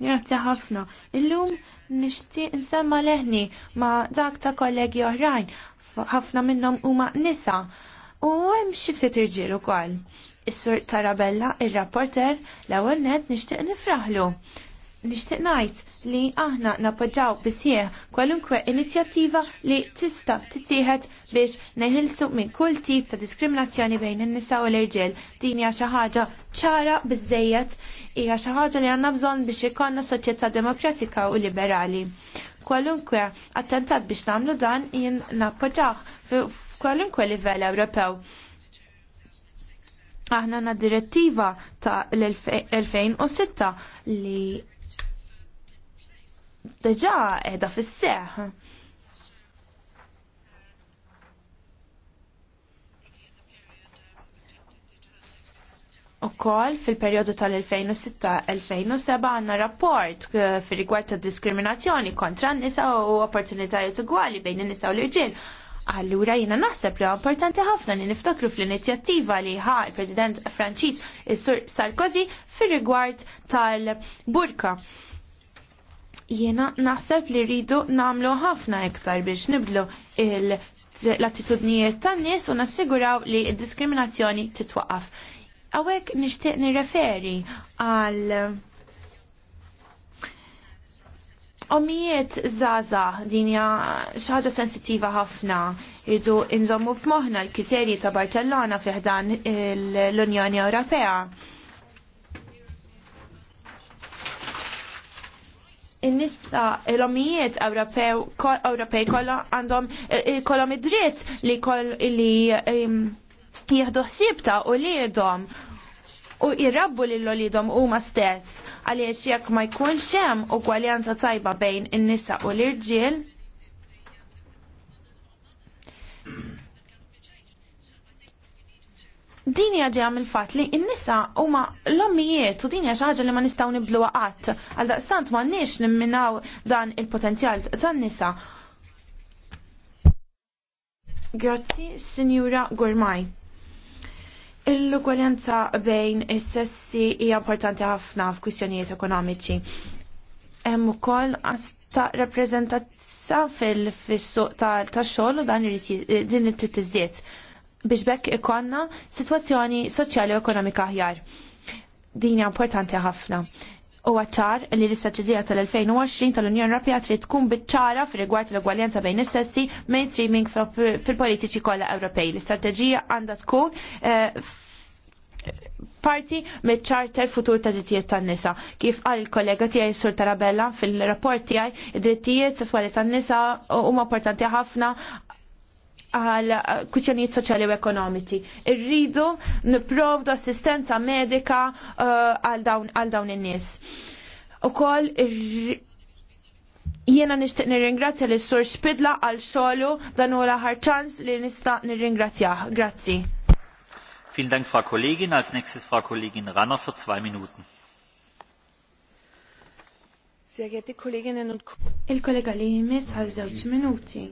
Grazzi ħafna. Illum nixtieq insemma' leħni ma' dak ta' kollegi oħrajn. Ħafna minnhom huma nisa. U hemm xi ftit irġiel ukoll. Is-sur Tarabella, ir-rapporter, l-ewwel nett nixtieq nifraħlu nixtieq ngħid li aħna nappoġġaw bisħieħ kwalunkwe inizjattiva li tista' titieħed biex neħilsu minn kull tip ta' diskriminazzjoni bejn in-nisa u l-irġiel. Din hija xi ħaġa ċara biżejjed hija xi ħaġa li għandna bżonn biex ikollna soċjetà demokratika u liberali. Kwalunkwe attentat biex nagħmlu dan jien nappoġġaw f'kwalunkwe livell Ewropew aħna na direttiva ta' l-2006 li deġa edha fis Ukoll fil perjodu tal tal-2006-2007 għanna rapport eh, fil rigward ta' diskriminazzjoni kontra n-nisa u opportunitajiet ugwali bejn n-nisa u l-irġiel. Allura jina naħseb li importanti ħafna li niftakru fl-inizjattiva li ħa il-President Franċis il-Sur Sarkozy fil rigward tal-Burka. Jiena naħseb li rridu namlu ħafna iktar biex nibdlu l-attitudnijiet tan-nies u nassiguraw li d-diskriminazzjoni titwaqaf. Awek nixtieq nireferi għal Omijiet zaza dinja xaġa sensitiva ħafna irdu inżommu f'moħna l-kriterji ta' Barcellona fiħdan l-Unjoni Ewropea in-nisa l-omijiet Ewropej kollha għandhom eh, eh, kollhom id-dritt li li jieħdu ħsieb ta' u liedhom u jirrabbu lil olidhom huma stess għaliex jekk ma jkunx hemm ugwaljanza tajba bejn in-nisa u l-irġiel din hija ġejja mill-fatt li n-nisa huma l-ommijiet u din hija xi ħaġa li ma nistgħu niblu qatt. Għal daqstant m'għandniex nimminaw dan il-potenzjal tan-nisa. Grazzi, Sinjura Gurmaj. il lugwaljanza bejn is-sessi hija importanti ħafna f'kwistjonijiet ekonomiċi. Hemm ukoll ta' rappreżentanza fil fissu ta' xogħol u dan din it-tizdiet biex bekk ikonna situazzjoni soċjali u ekonomika aħjar. Din importanti ħafna. U għattar li l-istatġizija tal-2020 tal-Unjoni Europea trid tkun bitċara fi rigward l-egwaljenza bejn is-sessi mainstreaming fil-politiċi kollha Ewropej. L-istrateġija għandha tkun eh, parti me ċarter futur ta' drittijiet tan nisa Kif għal kollega tijaj Sur Tarabella fil-rapport tijaj, drittijiet sessuali tan nisa huma importanti ħafna għal kwistjonijiet soċjali u ekonomiċi. Irridu niprovdu assistenza medika uh, għal dawn in-nies. Ukoll jiena nixtieq nirringrazzja lis sur Spidla għal xogħlu dan huwa l-aħħar ċans li nista' nirringrazzjah. Grazzi. Vielen Dank, Frau Kollegin. Als nächstes Frau Kollegin Ranner für zwei Minuten. Sehr geehrte Kolleginnen und Kollegen. Il-kollega li jmiss għal żewġ minuti.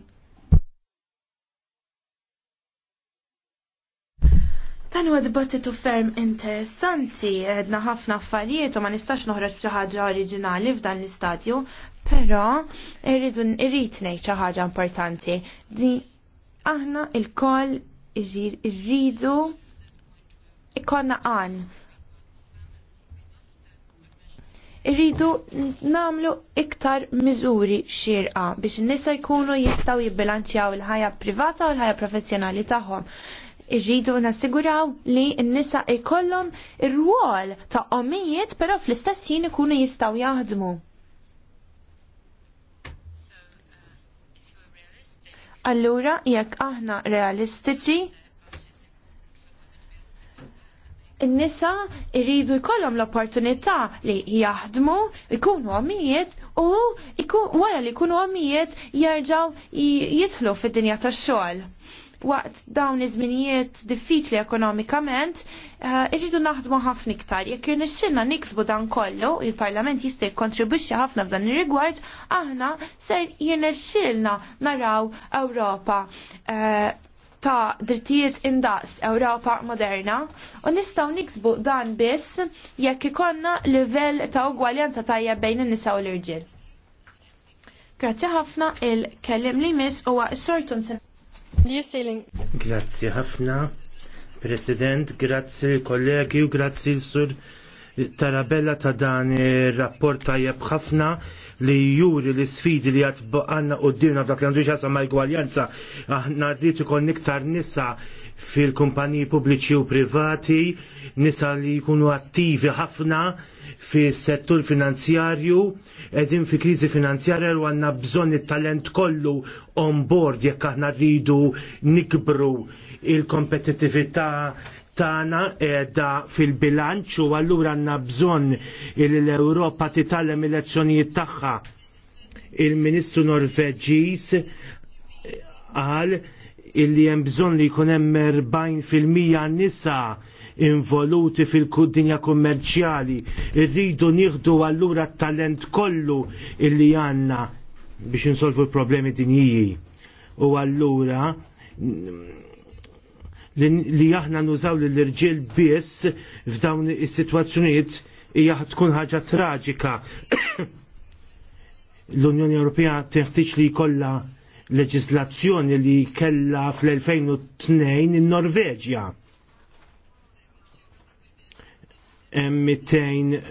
Dan huwa dibattitu ferm interessanti, edna ħafna affarijiet u ma nistax noħroġ xi ħaġa oriġinali f'dan l-istadju, però irridu irrid ngħid xi ħaġa importanti. Di aħna il-koll irridu ikonna għan irridu namlu iktar miżuri xirqa biex n-nisa jkunu jistaw jibbilanċjaw il-ħajja privata u l-ħajja professjonali tagħhom irridu nassiguraw li n-nisa ikollhom ir-rwol ta' omijiet però fl-istess jien ikunu jistgħu jaħdmu. Allura jekk aħna realistiċi n-nisa irridu jkollhom l-opportunità li jaħdmu, ikunu għamijiet u wara li jkunu għamijiet jerġgħu jidħlu fid-dinja tax-xogħol waqt dawn iż-żminijiet diffiċli ekonomikament, eh, irridu naħdmu ħafna iktar. Jekk irnexxilna niksbu dan kollu, il-Parlament jista' jikkontribwixxi ħafna f'dan ir-rigward, aħna se jirnexxilna naraw Ewropa eh, ta' drittijiet indaqs Ewropa moderna u nistgħu niksbu dan biss jekk ikonna livell ta' ugwaljanza tajja bejn in-nisa u l-irġiel. Grazzi ħafna il-kellim li miss u s-sortum Grazzi ħafna, President, grazzi kollegi u grazzi l-sur Tarabella ta' dan rapport tajjeb ħafna li juri l sfidi li għat għanna u d-dirna f'dak li għandu ġasa ma' gwaljanza Aħna rritu kon niktar nisa fil-kumpaniji pubbliċi u privati, nisa li jkunu attivi ħafna fis-settur finanzjarju qegħdin fi kriżi finanzjarja u għandna bżonn it-talent kollu on board jekk aħna rridu nikbru il-kompetittività tagħna qiegħda fil-bilanċ u allura għandna bżonn il-Ewropa titgħallem il-lezzjonijiet tagħha. Il-Ministru Norveġiż qal li hemm bżonn li jkun hemm mija nisa involuti fil-kuddinja kommerċjali Irridu nieħdu allura t-talent kollu illi għanna biex insolvu l-problemi dinjiji. U allura li aħna nużaw l-irġiel biss f'dawn is-sitwazzjonijiet hija tkun ħaġa traġika. L-Unjoni Ewropea teħtieġ li jkollha leġislazzjoni li kellha fl-2002 in-Norveġja 200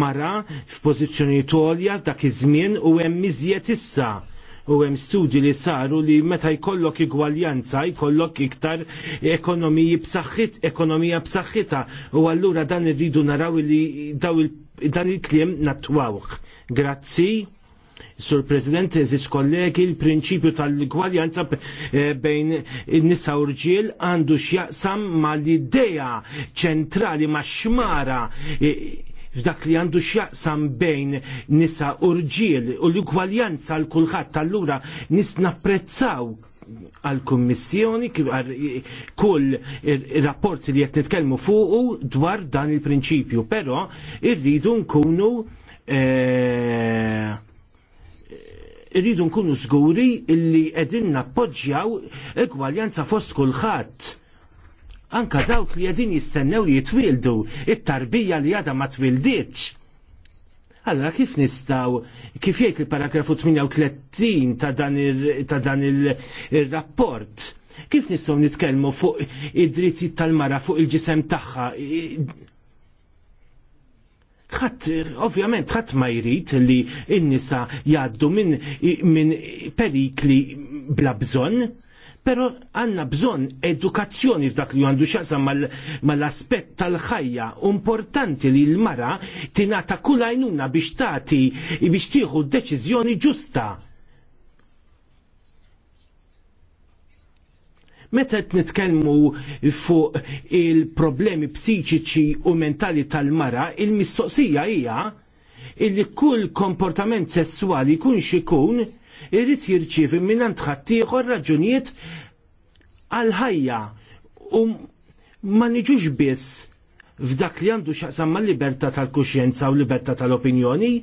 mara f'pożizzjoni tolja dak iż-żmien u hemm miżjed issa u hemm studji li saru li meta jkollok igwaljanza jkollok iktar ekonomiji b'saħħit ekonomija b'saħħitha u allura dan irridu naraw li daw il dan il-kliem natwawh. Grazzi. Sur President, eżiz kollegi, il-prinċipju tal-gwaljanza eh, bejn nisa Urġiel għandu x'jaqsam mal-idea ċentrali ma' xmara eh, f'dak li għandu x'jaqsam bejn nisa Urġiel, u l-gwaljanza għal kulħadd allura nis napprezzaw għal-Kummissjoni kull rapport li qed nitkellmu fuqu dwar dan il-prinċipju, però irridu nkunu eh, irridu nkunu żguri illi qegħdin nappoġġjaw egwaljanza fost kulħadd. Anka dawk li qegħdin jistennew li jitwildu, it-tarbija li għadha ma twildiċ. Allora kif nistaw, kif jgħid il-paragrafu 38 ta' dan il-rapport, kif nistaw nitkellmu fuq id-dritti tal-mara fuq il-ġisem tagħha ħadd ovvjament ħadd ma jrid li n-nisa jgħaddu minn min perikli bla bżonn. Pero għanna bżon edukazzjoni f'dak li għandu xaqsam mal-aspett mal tal-ħajja. Importanti li l-mara tingħata kull għajnuna biex tati biex tieħu deċiżjoni ġusta Meta qed nitkellmu fuq il-problemi psiċiċi u mentali tal-mara, il-mistoqsija hija illi kull komportament sessuali kun xikun irrid jirċievi mingħand ħaddieħor raġunijiet għal ħajja u ma niġux biss f'dak li għandu xaqsam ma' libertà tal-kuxjenza u libertà tal-opinjoni,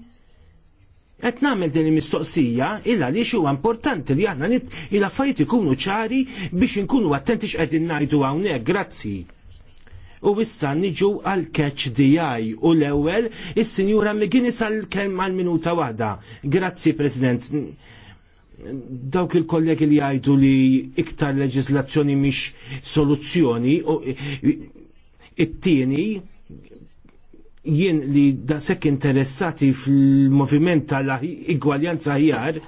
Qed nagħmel din il-mistoqsija illa li huwa importanti li aħna il-affarijiet ikunu ċari biex inkunu attenti xqedin ngħidu hawnhekk. Grazzi. U issa niġu għal catch DI u l-ewwel is-Sinjura Meginis għal kem għal minuta waħda. Grazzi President. Dawk il-kollegi li jgħidu li iktar leġislazzjoni mhix soluzzjoni u it-tieni jien li da sekk interessati fil-moviment tal-igwaljanza ħjar,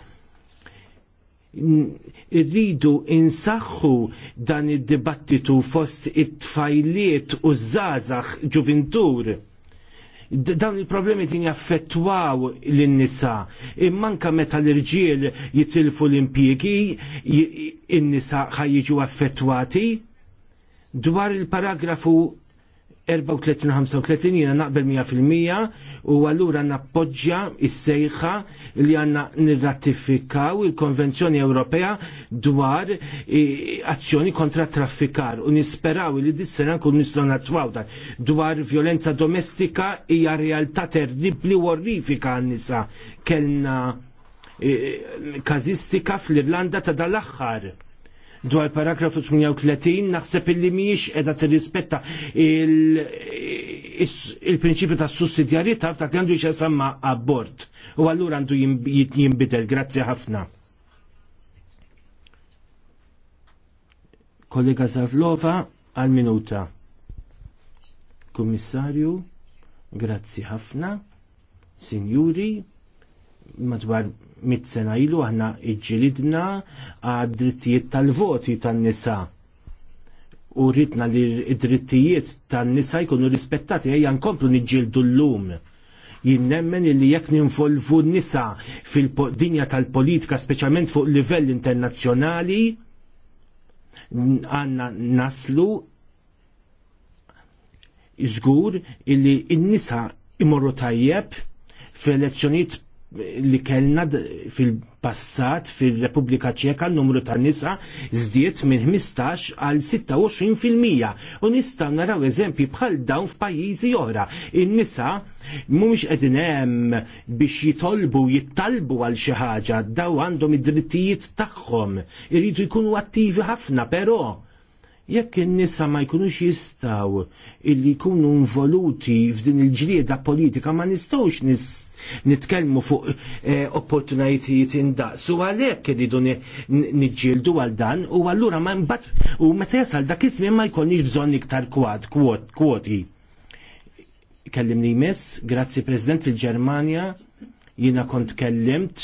rridu insaħħu dan id-dibattitu fost it-tfajliet u zazax ġuvintur. Dawn il-problemi tin jaffettwaw l-nisa, immanka meta l-irġiel jitilfu l impiegi n-nisa ħajġu affettwati. Dwar il-paragrafu 34-35 jina naqbel 100% u għallura nappoġġja is-sejħa li għanna nirratifikaw il-Konvenzjoni Ewropea dwar azzjoni kontra traffikar u nisperaw li dis-sena nkun nistgħu dan dwar violenza domestika hija realtà terribli u orrifika għan-nisa kellna kazistika fl-Irlanda ta' dal-aħħar dwar paragrafu 38 naħseb illi mhijiex qiegħda tirrispetta il-prinċipju il tas sussidjarjetà f'dak li għandu jxasamma abort. U allura għandu jinbidel, grazzi ħafna. Kollega Zavlova għal minuta. Kommissarju, grazzi ħafna, Signuri, madwar mit-sena ilu aħna iġġilidna għad drittijiet tal-voti tan-nisa u rritna li id-drittijiet tan-nisa jkunu rispettati ejja nkomplu niġġieldu llum jinnemmen li jekk ninvolvu n-nisa fil-dinja tal-politika speċjalment fuq livell internazzjonali għanna naslu żgur illi n-nisa imorru tajjeb fil-elezzjonijiet fil-elezzjoniet li kellna fil-passat fil-Repubblika Ċeka n-numru ta' nisa zdiet minn 15 għal 26% u nistaw naraw eżempji bħal dawn f'pajjiżi oħra. In-nisa mhumiex qegħdin hemm biex jitolbu jittalbu għal xi ħaġa daw għandhom id-drittijiet tagħhom. Iridu jkunu attivi ħafna però Jekk in-nisa ma jkunux jistaw illi jkunu involuti f'din il-ġlieda politika ma nistgħux nitkellmu fuq eh, opportunitajiet indaqsu għalhekk irridu niġġieldu għal dan u allura ma mbagħad u meta jasal dak iż-żmien ma jkollniex bżonn iktar kwad kwoti. Kellimni jmiss, grazzi President il-Ġermanja, jiena kont kellimt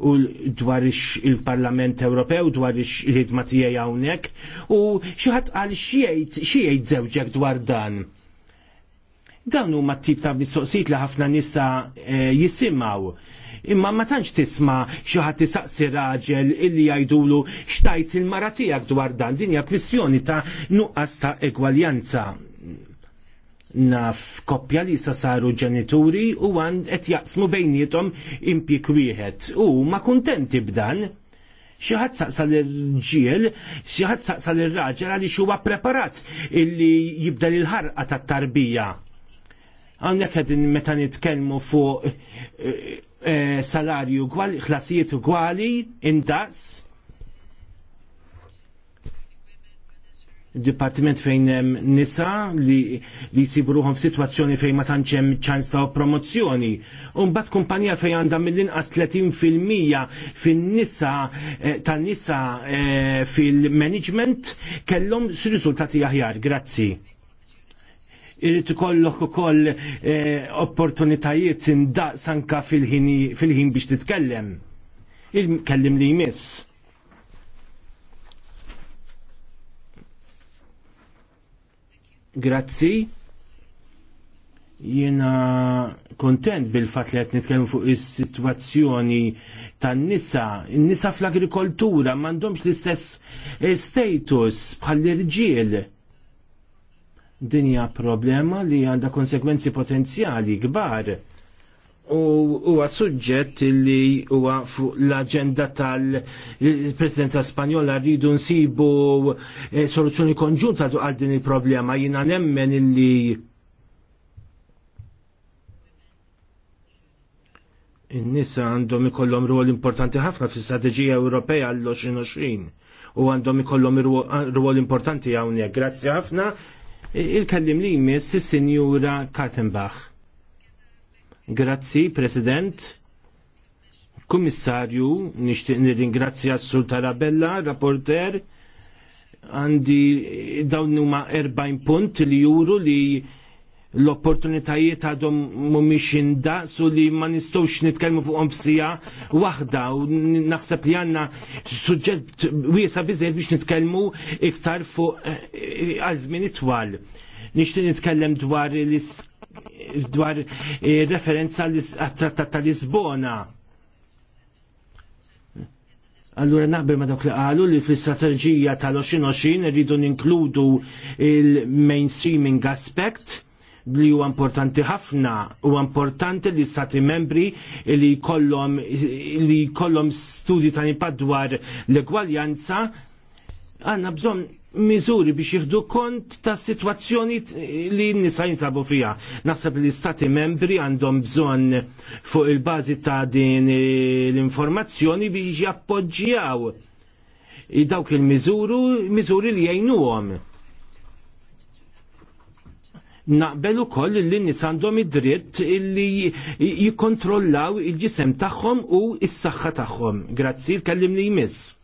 u dwar il-Parlament Ewropew dwar il-ħidma tiegħi hawnhekk u xi ħadd qal xi jgħid żewġek dwar dan. Dawn huma t-tip ta' mistoqsijiet li ħafna nisa eh, jisimgħu. Imma ma tantx tisma xi ħadd isaqsi raġel illi jgħidulu xtajt il-mara tiegħek dwar dan din hija kwistjoni ta' nuqqas ta' egwaljanza naf koppja li sa saru ġenituri u għan qed jaqsmu bejnietom impjek wieħed u ma kuntenti b'dan. Xi ħadd saqsa l-ġiel, xi ħadd saqsa l-raġel għaliex huwa preparat illi jibda l-ħarqa ta' tarbija Għannek qegħdin meta nitkellmu fuq eh, eh, salarju gwali, ħlasijiet gwali, indaqs, dipartiment fejn hemm nisa li li jsibruhom f'sitwazzjoni fejn ma tantx hemm ċans ta' promozzjoni. U mbagħad kumpanija fejn għandha mill-inqas 30% fin-nisa eh, tan nisa eh, fil-management kellhom riżultati aħjar. Grazzi. Irrid ikollok ukoll eh, opportunitajiet indaqs anka fil-ħin biex titkellem. Il-kellim li jmiss. Grazzi. Jiena kontent bil-fat li qed nitkellmu fuq is-sitwazzjoni tan-nisa. In-nisa fl-agrikoltura m'għandhomx l-istess eh, status l irġiel Dinja problema li għandha konsekwenzi potenzjali kbar u huwa suġġett li huwa fuq l-aġenda tal-Presidenza Spanjola rridu nsibu eh, soluzzjoni konġunta għal din il-problema jina nemmen illi in-nisa għandhom ikollhom rwol importanti ħafna fl-Istrateġija Ewropea għall-2020 u għandhom ikollhom rwol importanti hawnhekk. Grazzi ħafna. Il-kellim li jmiss is-Sinjura Kattenbach. Grazzi, President. Kummissarju, nixtieq nirringrazzja s-Sur Tarabella, rapporter, għandi dawn huma 40 punt li juru li l-opportunitajiet għadhom mhumiex indaqsu li ma nistgħux nitkellmu fuqhom f'sija waħda u naħseb li għandna suġġett wiesa biżejjed biex nitkellmu iktar fuq eh, għal żmien itwal. Nixtieq nitkellem dwar dwar eh, referenza għat-Trattat ta' Lisbona. Allura naqbel ma dawk li qalu li fl-istrateġija tal-2020 rridu ninkludu il-mainstreaming aspect li huwa importanti ħafna u importanti li stati membri li kollom li kollom studi dwar l-egwaljanza għanna bżon miżuri biex jieħdu kont ta' situazzjoni li n-nisa jinsabu fija. Naħseb li stati membri għandhom bżon fuq il-bazi ta' din l-informazzjoni biex jappoġġjaw dawk il-miżuru, miżuri li jgħinuhom. Naqbel ukoll li n-nis għandhom id-dritt li jikkontrollaw il-ġisem tagħhom u s-saħħa tagħhom. Grazzi, kellimni jmiss.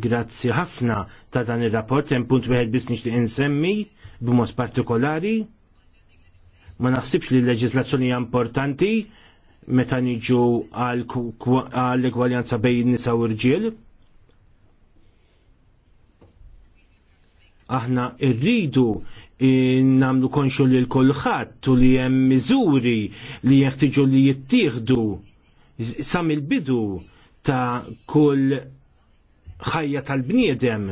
Grazzi ħafna ta' dan ir-rapport hemm punt wieħed biss nixtieq insemmi b'mod partikolari. Ma naħsibx li l-leġiżlazzjoni importanti meta niġu għall-egwaljanza bejn nisa u rġiel. Aħna rridu namlu konxu li l-kolħat u li hemm miżuri li jeħtiġu li jittieħdu sam il-bidu ta' kull ħajja tal-bniedem.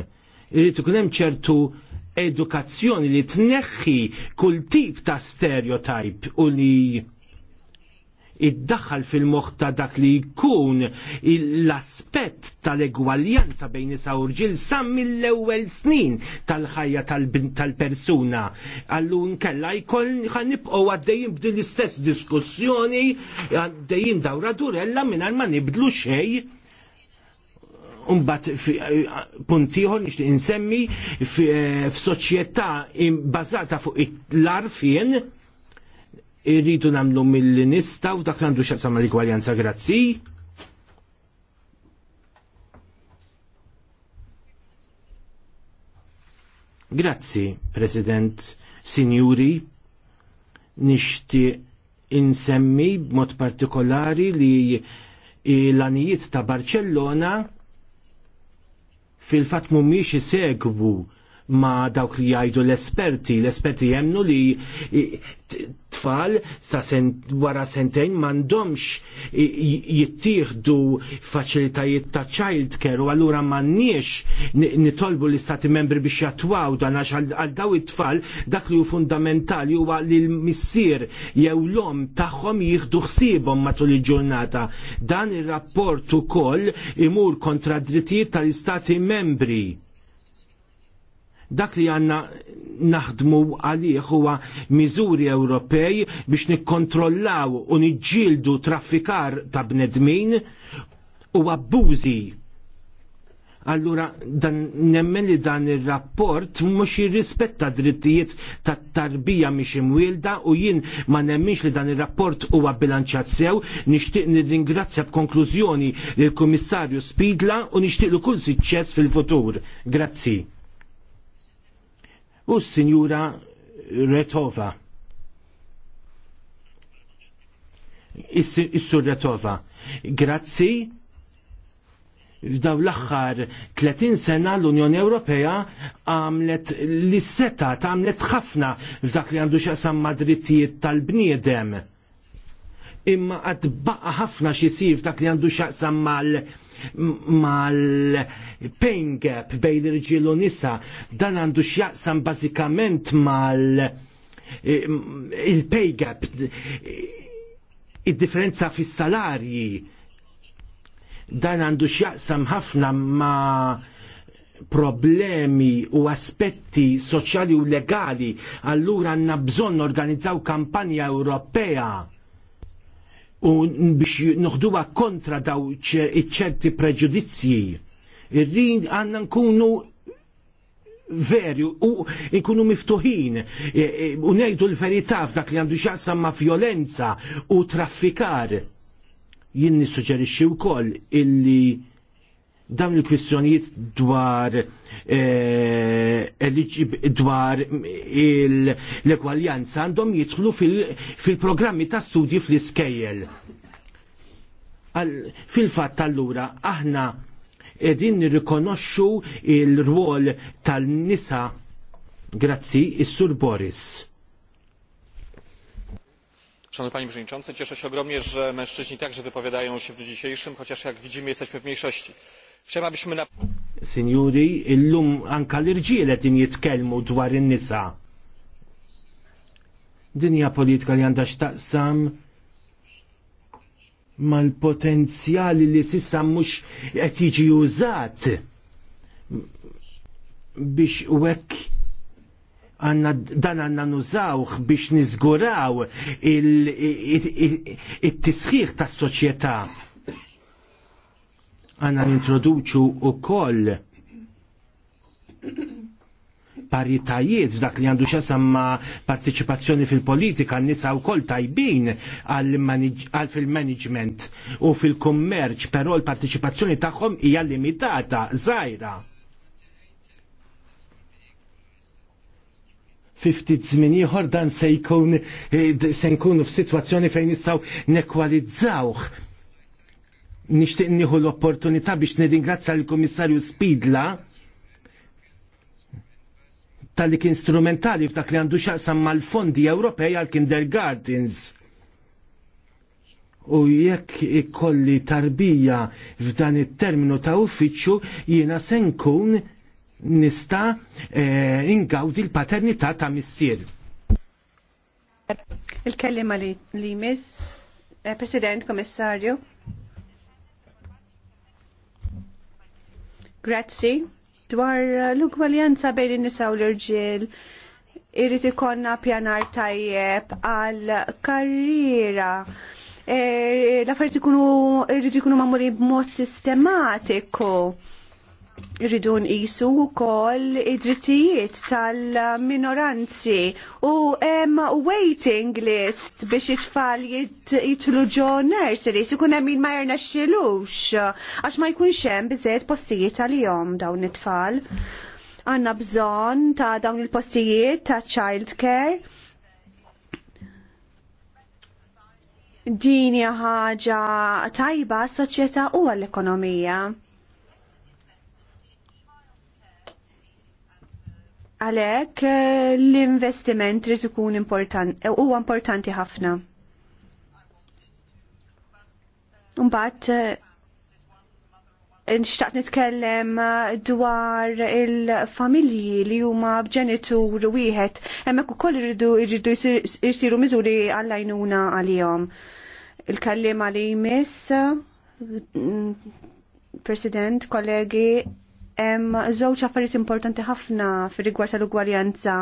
Irrid ikun hemm ċertu edukazzjoni li tneħħi kull tip ta' stereotype u li iddaħħal fil-moħħ ta' dak li jkun l-aspett tal-egwaljanza bejn nisa u rġil sa mill-ewwel snin tal-ħajja tal-persuna. Allun kella jkoll ħan nibqgħu għaddejjin b'din l-istess diskussjoni għaddejjin dawra durella mingħajr ma nibdlu xejn unbat eh, puntiħor nix insemmi eh, f-soċieta bazata fuq l-arfien irridu namlu mill-nista u dak għandu xaqsam l-gwaljanza grazzi. Grazzi, President, Sinjuri, nixti insemmi b'mod partikolari li l-anijiet ta' Barcellona fil-fat mumiex isegwu ma dawk li jgħidu l-esperti. L-esperti jemnu li tfal ta' sent, wara sentejn mandomx jittieħdu faċilitajiet ta' child care u allura manniex nitolbu l-istati membri biex jattwaw dan għax għal daw it-tfal dak li hu fundamentali huwa li l-missier jew l-om tagħhom jieħdu ħsiebhom matul il-ġurnata. Dan ir-rapport ukoll imur kontra drittijiet tal-istati membri dak li għanna naħdmu għalih huwa miżuri Ewropej biex nikkontrollaw u niġġieldu traffikar ta' bnedmin u abbużi. Allura dan nemmen li dan ir-rapport mhux jirrispetta drittijiet tat-tarbija miex imwielda u jien ma nemmix li dan ir-rapport huwa bilanċat sew, nixtieq nirringrazzja b'konklużjoni lill-Kummissarju Spidla u nishtiq lu kull suċċess fil-futur. Grazzi u s-Sinjura Retova. Is-Sur Retova. Grazzi f'daw l-axħar 30 sena l-Unjoni Ewropea għamlet l-seta, għamlet ħafna f'dak li għandu xaqsam madrittijiet tal-bniedem imma għad baqa ħafna xisir dak li għandu xaqsam mal mal-pain gap bejn irġiel u nisa dan għandu x'jaqsam bażikament mal eh, il-pay gap id-differenza fis-salarji dan għandu x'jaqsam ħafna ma' problemi u aspetti soċjali u legali allura għandna bżonn organizzaw kampanja Ewropea u biex noħduha kontra daw ċerti preġudizzji. Irrin għandna nkunu veri u nkunu miftuħin e, e, u ngħidu l-verità f'dak li għandu xaqsam ma' violenza u traffikar. Jien nissuġġerixxi wkoll illi dawn il-kwistjonijiet dwar eh, dwar l-ekwaljanza għandhom jidħlu fil-programmi ta' studji fl-iskejjel. fil tal allura aħna edin nirrikonoxxu il-rwol tal-nisa grazzi is-Sur Boris. Szanowny Panie Przewodniczący, cieszę się ogromnie, że mężczyźni także wypowiadają się w dniu dzisiejszym, chociaż jak widzimy jesteśmy w mniejszości. Xema biex minna. Sinjuri, illum anka l-irġielet in jitkelmu dwar in-nisa. Dinja politika li għandha x'taqsam mal-potenzjali li sissa mhux qed jiġi użat biex wekk għanna dan għanna nużawħ biex nizguraw il-tisħiħ il, il, il, tas soċjetà għanna nintroduċu u koll paritajiet f'dak li għandu xasam ma' partiċipazzjoni fil-politika nisa u koll tajbin għal fil-management u fil-kummerċ, però l-partiċipazzjoni tagħhom hija limitata, zaħira. Fifti żmien ieħor dan se jkun eh, se nkunu f'sitwazzjoni fejn nistgħu nekwalizzawh nixtieq nieħu l-opportunità biex nirringrazzja l-Komissarju Spidla tal-li instrumentali f'dak li għandu xaqsam mal-fondi Ewropej għal kindergartens. U jekk ikolli tarbija f'dan it-terminu ta' uffiċċju jiena se nkun nista' eh, ingawdi l-paternità ta' missier. Il-kellima li, li eh, President, Komissarju, Grazzi. Dwar l-ugwaljanza bejn in-nisa u l-irġiel irrid ikonna pjanar tajjeb għal karriera. E, L-affarijiet ikunu irrid ikunu magħmuli b'mod sistematiku. Irridu nqisu wkoll id-drittijiet tal-minoranzi u hemm waiting list biex it-tfal jitlu ġo nurseries ikun hemm min ma jernexxilux għax ma jkunx hemm biżejjed postijiet għalihom dawn it-tfal. Għandna bżonn ta' dawn il-postijiet ta' child care. Din hija ħaġa tajba s-soċjetà u għall-ekonomija Għalek eh, l-investiment trid ikun importanti eh, huwa importanti ħafna. Mbagħad eh, nixtaq nitkellem dwar il-familji li huma b'ġenitur wieħed hemmhekk ukoll irridu jridu jsiru miżuri għall-għajnuna għalihom. Il-kallima li jmiss mm, President, kollegi, hemm żewġ affarijiet importanti ħafna fir-rigward tal-ugwaljanza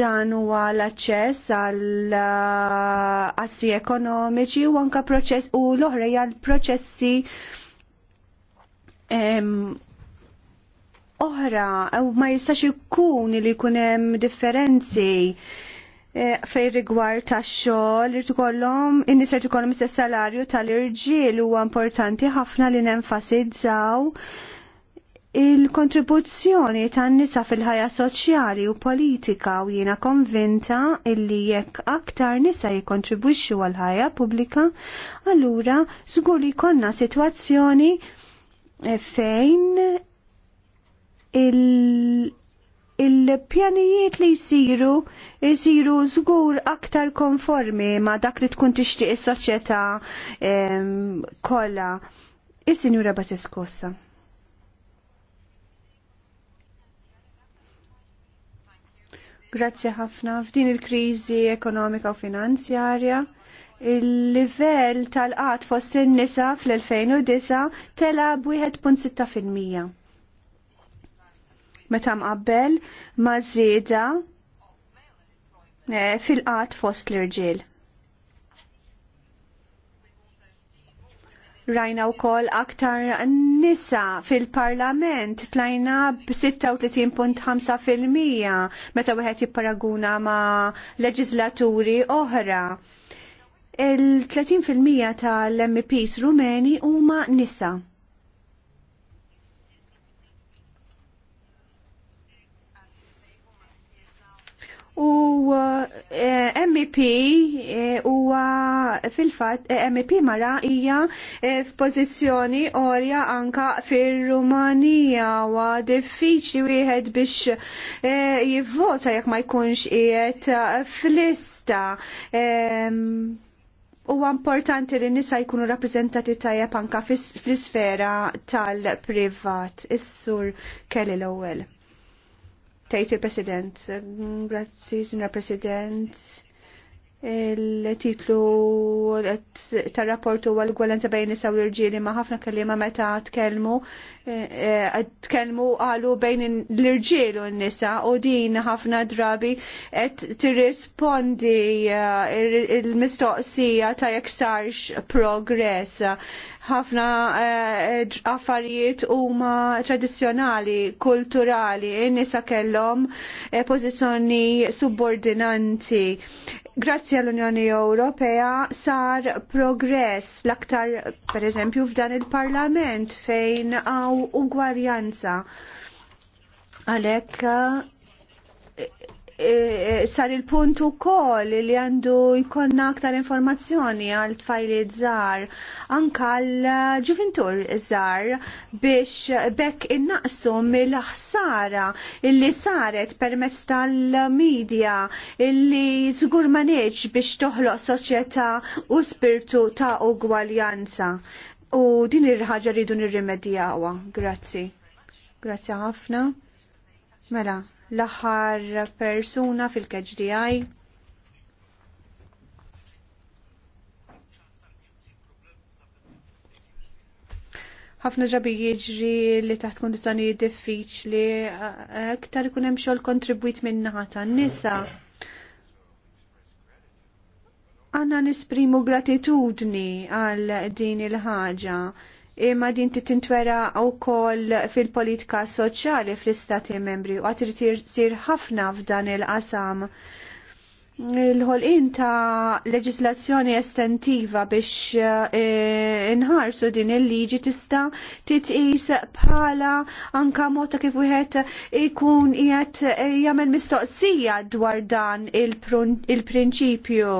dan huwa l-aċċess għal uh, assi ekonomiċi u anka proċess u l-oħra għal proċessi oħra u ma jistax ikun li jkun hemm differenzi eh, fej rigward tax-xogħol irid ikollhom in-nies irid ikollhom istess salarju tal-irġiel huwa importanti ħafna li nenfasizzaw il-kontribuzzjoni tan nisa fil-ħajja soċjali u politika u jiena konvinta illi jekk aktar nisa jikontribwixxu għal ħajja pubblika, allura żgur li jkollna sitwazzjoni fejn il-pjanijiet il li jsiru jsiru żgur aktar konformi ma dak li tkun tixtieq is-soċjetà kollha. Is-Sinjura Bateskossa. Grazzi ħafna f'din il-kriżi ekonomika u finanzjarja. Il-livell tal-qat fost in-nisa fl-2009 tela b-1.6%. Meta mqabbel ma' żieda eh, fil-qat fost l-irġiel. Rajna wkoll aktar nisa fil-parlament tlajna b-36.5% meta wieħed jipparaguna ma' leġislaturi oħra. Il-30% tal-MPs rumeni huma nisa. u eh, MEP eh, huwa fil-fatt eh, MEP mara hija f'pożizzjoni orja anka fir-Rumanija wa diffiċli wieħed biex jivvota jekk ma jkunx qiegħed fil lista Huwa importanti li nisa jkunu rappreżentati tajjeb panka fl-isfera tal-privat. Is-sur kelli l ewel Tejt il-President, grazzi, Signor President, il-titlu tar-rapport huwa l-gwalenza bejn nisa u l-irġieli ma' ħafna kelliema meta tkellmu Eh, tkellmu għalu bejn l-irġiel u n-nisa u din ħafna drabi qed tirrispondi eh, il-mistoqsija ta' jekk sarx progress ħafna eh, affarijiet huma tradizzjonali, kulturali, nisa kellhom pożizzjoni subordinanti. Grazzi għall-Unjoni Ewropea sar progress l-aktar pereżempju f'dan il-Parlament fejn għaw u ugwarjanza. Għalek eh, eh, sar il-punt kol li għandu jkonna aktar informazzjoni għal tfajli żgħar, anka għal ġuventur żgħar biex bekk innaqsu mill-ħsara illi saret permezz tal-medja illi żgur maneġ biex toħloq soċjetà u spirtu ta' ugwaljanza. U din il-ħagġa rridu nirrimedjawha. Grazzi. Grazzi ħafna. Mela, l-aħħar persuna fil-KGDI. ħafna drabi jiġri li taħt kondizjoni diffiċli, eh, aktar ikun hemm xogħol kontribwit minn naħa tan-nisa. Għanna nisprimu gratitudni għal din il-ħaġa imma din titintwera u koll fil-politika soċjali fl-istati membri u għatri sir ħafna f'dan il-qasam il ħolqin ta' leġislazzjoni estentiva biex eh, inħarsu din il-liġi tista' titqis bħala anka mota kif wieħed ikun qiegħed eh, jagħmel mistoqsija dwar dan il-prinċipju.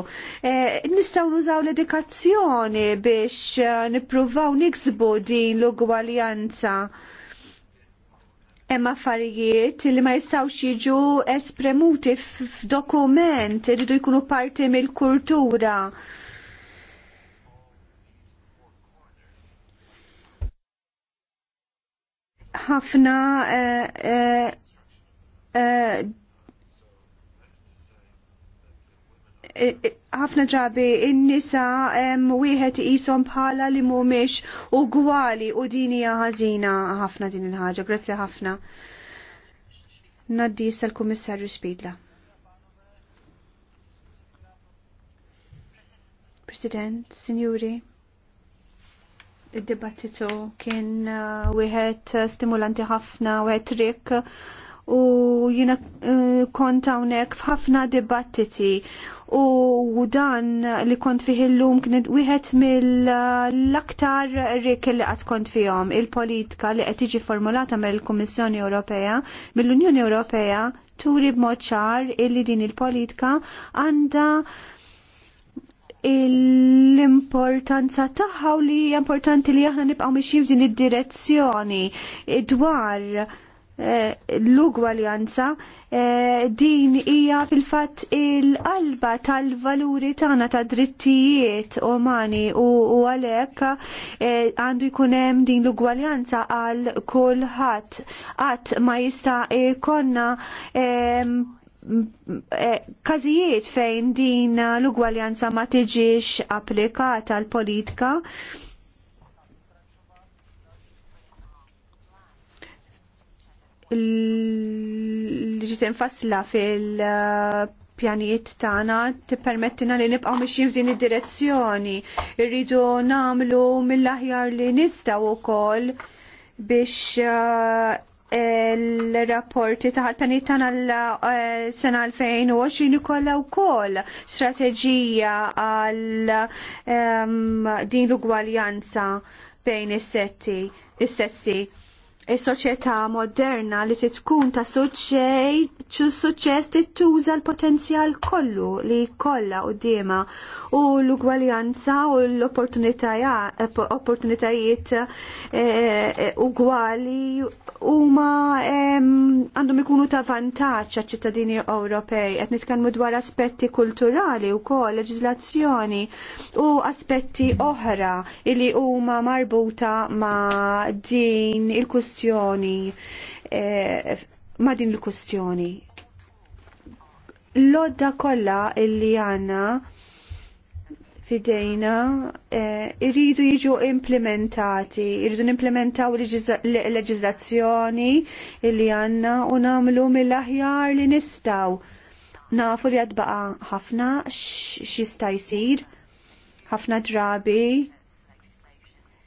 Eh, nistgħu nużaw l-edukazzjoni biex nippruvaw niksbu din l-ugwaljanza hemm affarijiet li ma jistgħux jiġu espremuti f'dokument, iridu jkunu parti mill-kultura. ħafna uh, uh, uh, ħafna ġabi in-nisa wieħed isom bħala li mhumiex ugwali u din hija ħażina ħafna din il-ħaġa. Grazzi ħafna. Naddi l kummissarju Spidla. President, Signori id-dibattitu kien uh, wieħed uh, stimulanti ħafna wieħed trik u jina uh, konta hawnhekk f'ħafna dibattiti u dan li kont fih illum kien wieħed mill-aktar rik li qatt kont fihom il-politika li qed tiġi formulata mill-Kummissjoni Ewropea, mill-Unjoni Ewropea turi b'mod ċar illi din il-politika għandha l-importanza tagħha u li importanti li aħna nibqgħu mixjin f'din id-direzzjoni dwar Eh, l-ugwaljanza eh, din hija fil-fatt il-qalba tal-valuri tagħna ta' drittijiet umani u għalhekk eh, għandu jkun hemm din l-ugwaljanza għal kulħadd qatt ma jista' jkollna każijiet fejn din l-ugwaljanza ma tiġix applikata l-politika li ġiet infassla fil-pjanijiet tagħna tippermettina li nibqgħu mixjin f'din id-direzzjoni. Irridu nagħmlu mill-aħjar li nistgħu wkoll biex eh, il-rapporti ta' taħal ta' għal-sena 2020 kolla u koll strategija għal ehm, din l-ugwaljanza bejn is-sessi e soċjetà moderna li titkun ta' suċċess tittuża l-potenzjal kollu li kollha qudiema u l-ugwaljanza u l-opportunitajiet eh, eh, eh, ugwali huma għandhom ikunu ta' vantaġġ għaċ-ċittadini Ewropej qed nitkellmu dwar aspetti kulturali wkoll, leġiżlazzjoni u aspetti oħra li huma marbuta ma' din il-kustjoni e, ma' din il-kustjoni. L-odda kollha illi għandna fidejna eh, irridu jiġu implementati, irridu implementaw leġizlazzjoni li għanna u namlu mill-aħjar li nistaw. Nafu li għadbaqa ħafna xista jisir, ħafna drabi,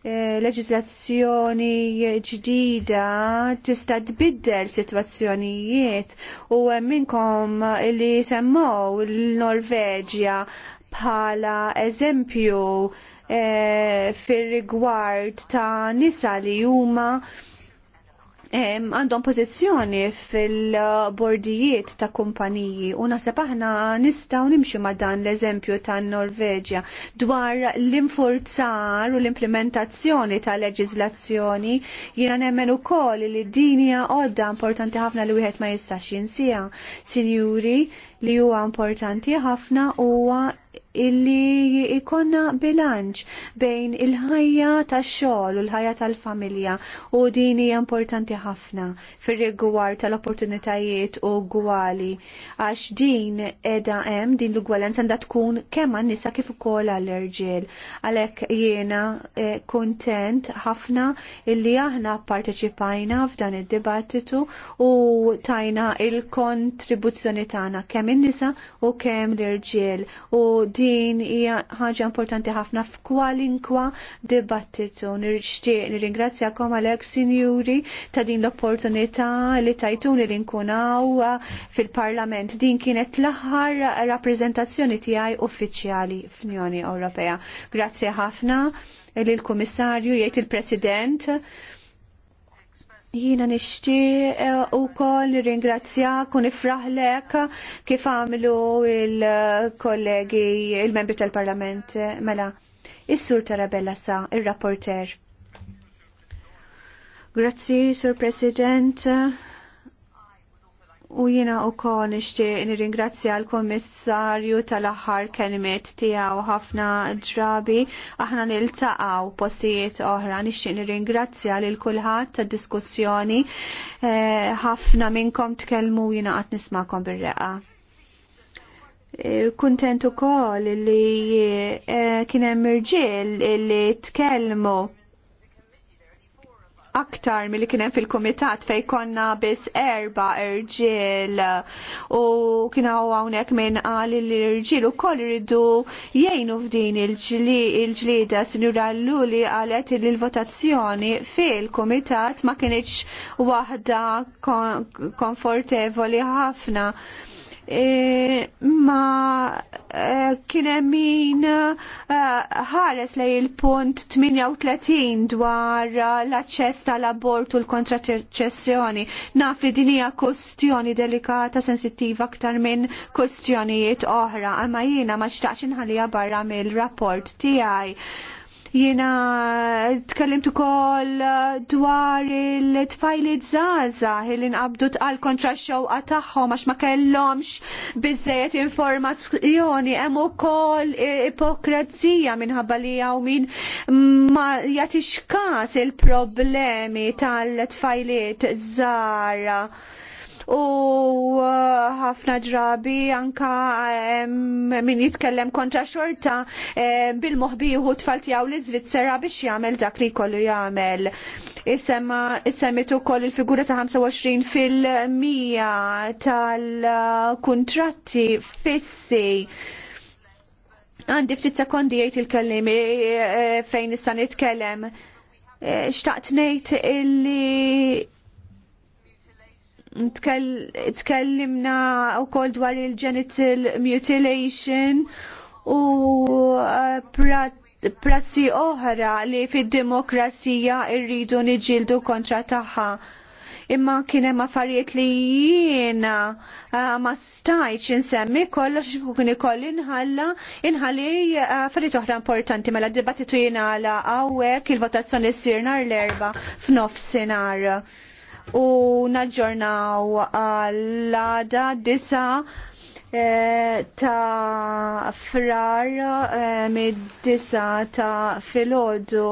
eh, leġizlazzjoni ġdida tista' tbiddel sitwazzjonijiet u minkom li semmow il-Norveġja bħala eżempju e, fir-rigward ta' nisa li huma għandhom pożizzjoni fil-bordijiet ta' kumpaniji u naħseb aħna nistgħu nimxu ma' dan l-eżempju ta' Norveġja dwar l-infurzar u l-implementazzjoni ta' leġiżlazzjoni jiena nemmen ukoll li din hija għodda importanti ħafna li wieħed ma jistax jinsiha. Sinjuri li huwa importanti ħafna huwa illi ikonna bilanċ bejn il-ħajja tax-xogħol u l-ħajja tal-familja u din hija importanti ħafna fir-rigward tal-opportunitajiet u gwali għax din edha hemm din l-ugwalenza għandha tkun kemm għan-nisa kif ukoll għall-irġiel. Għalhekk jiena eh, kuntent ħafna illi aħna pparteċipajna f'dan id-dibattitu u tajna il-kontribuzzjoni tagħna kemm in-nisa u kemm l-irġiel u din hija ħaġa importanti ħafna f'kwalinkwa dibattitu. Nirixtieq nirringrazzjakom għalhekk sinjuri ta' din l-opportunità li tajtuni li nkunaw fil-Parlament. Din kienet l-aħħar rappreżentazzjoni tiegħi uffiċjali fl-Unjoni Ewropea. Grazzi ħafna lill-Kummissarju jgħid il-President. Jina nishti u kol ringrazzja kun ifraħlek kif għamlu il-kollegi, il-membri tal-parlament, mela. Is-sur Tarabella sa, il-rapporter. Grazzi, sur President. U jina u kon ixti nirringrazzja l kommissarju tal aħħar kelmiet tijaw ħafna drabi aħna nil-taqaw postijiet oħra nixtieq nirringrazzja lil l tad diskussjoni eh, ħafna minnkom tkellmu jina għat nismakom bil-reqa. Eh, kuntent ukoll li li eh, kienem mirġil li tkellmu aktar milli kien hemm fil-kumitat fejn konna biss erba irġiel u kien hawnhekk min qal li l-irġiel ukoll iridu jgħinu f'din il-ġlieda sinjura Luli qalet li l-votazzjoni fil-kumitat ma kinitx waħda konfortevoli ħafna. E, ma e, kienem min e, ħares lej il-punt 38 dwar l-aċċess tal-abort u l-kontraċessjoni. Naf li dinija kustjoni delikata sensittiva aktar minn kustjonijiet oħra, għamma jiena ma xtaqx inħalija barra mill-rapport tiegħi Jiena tkellimt ukoll dwar il-tfajliet zaza il inqabdu tqal kontra xewqa tagħhom għax ma kellhomx biżejjed informazzjoni hemm ukoll ipokrazija minħabba li hawn min ma jagħtix il-problemi tal-tfajliet zara u uh, ħafna ġrabi anka min jitkellem kontra xorta bil-moħbi u tfal tiegħu l-Iżvizzera biex jagħmel dak li jkollu jagħmel. issemmitu ukoll il-figura ta' 25 fil-mija tal-kuntratti fissi għandi ftit sekondi jgħid il-kellim eh, fejn nista' nitkellem. Eh, xtaqt ngħid illi tkellimna wkoll dwar il-genital mutilation u eh, prassi oħra li fid-demokrazija rridu niġildu kontra tagħha imma kien hemm affarijiet li jiena eh, ma stajtx insemmi kollox kien ikoll inħalla inħalli eh, affarijiet oħra importanti mela d-dibattitu jiena għala hawnhekk il-votazzjoni ssir nhar l-erba' f'nofsinhar u naġġornaw għal lada disa eh, ta' frar eh, mid-disa ta' filodu.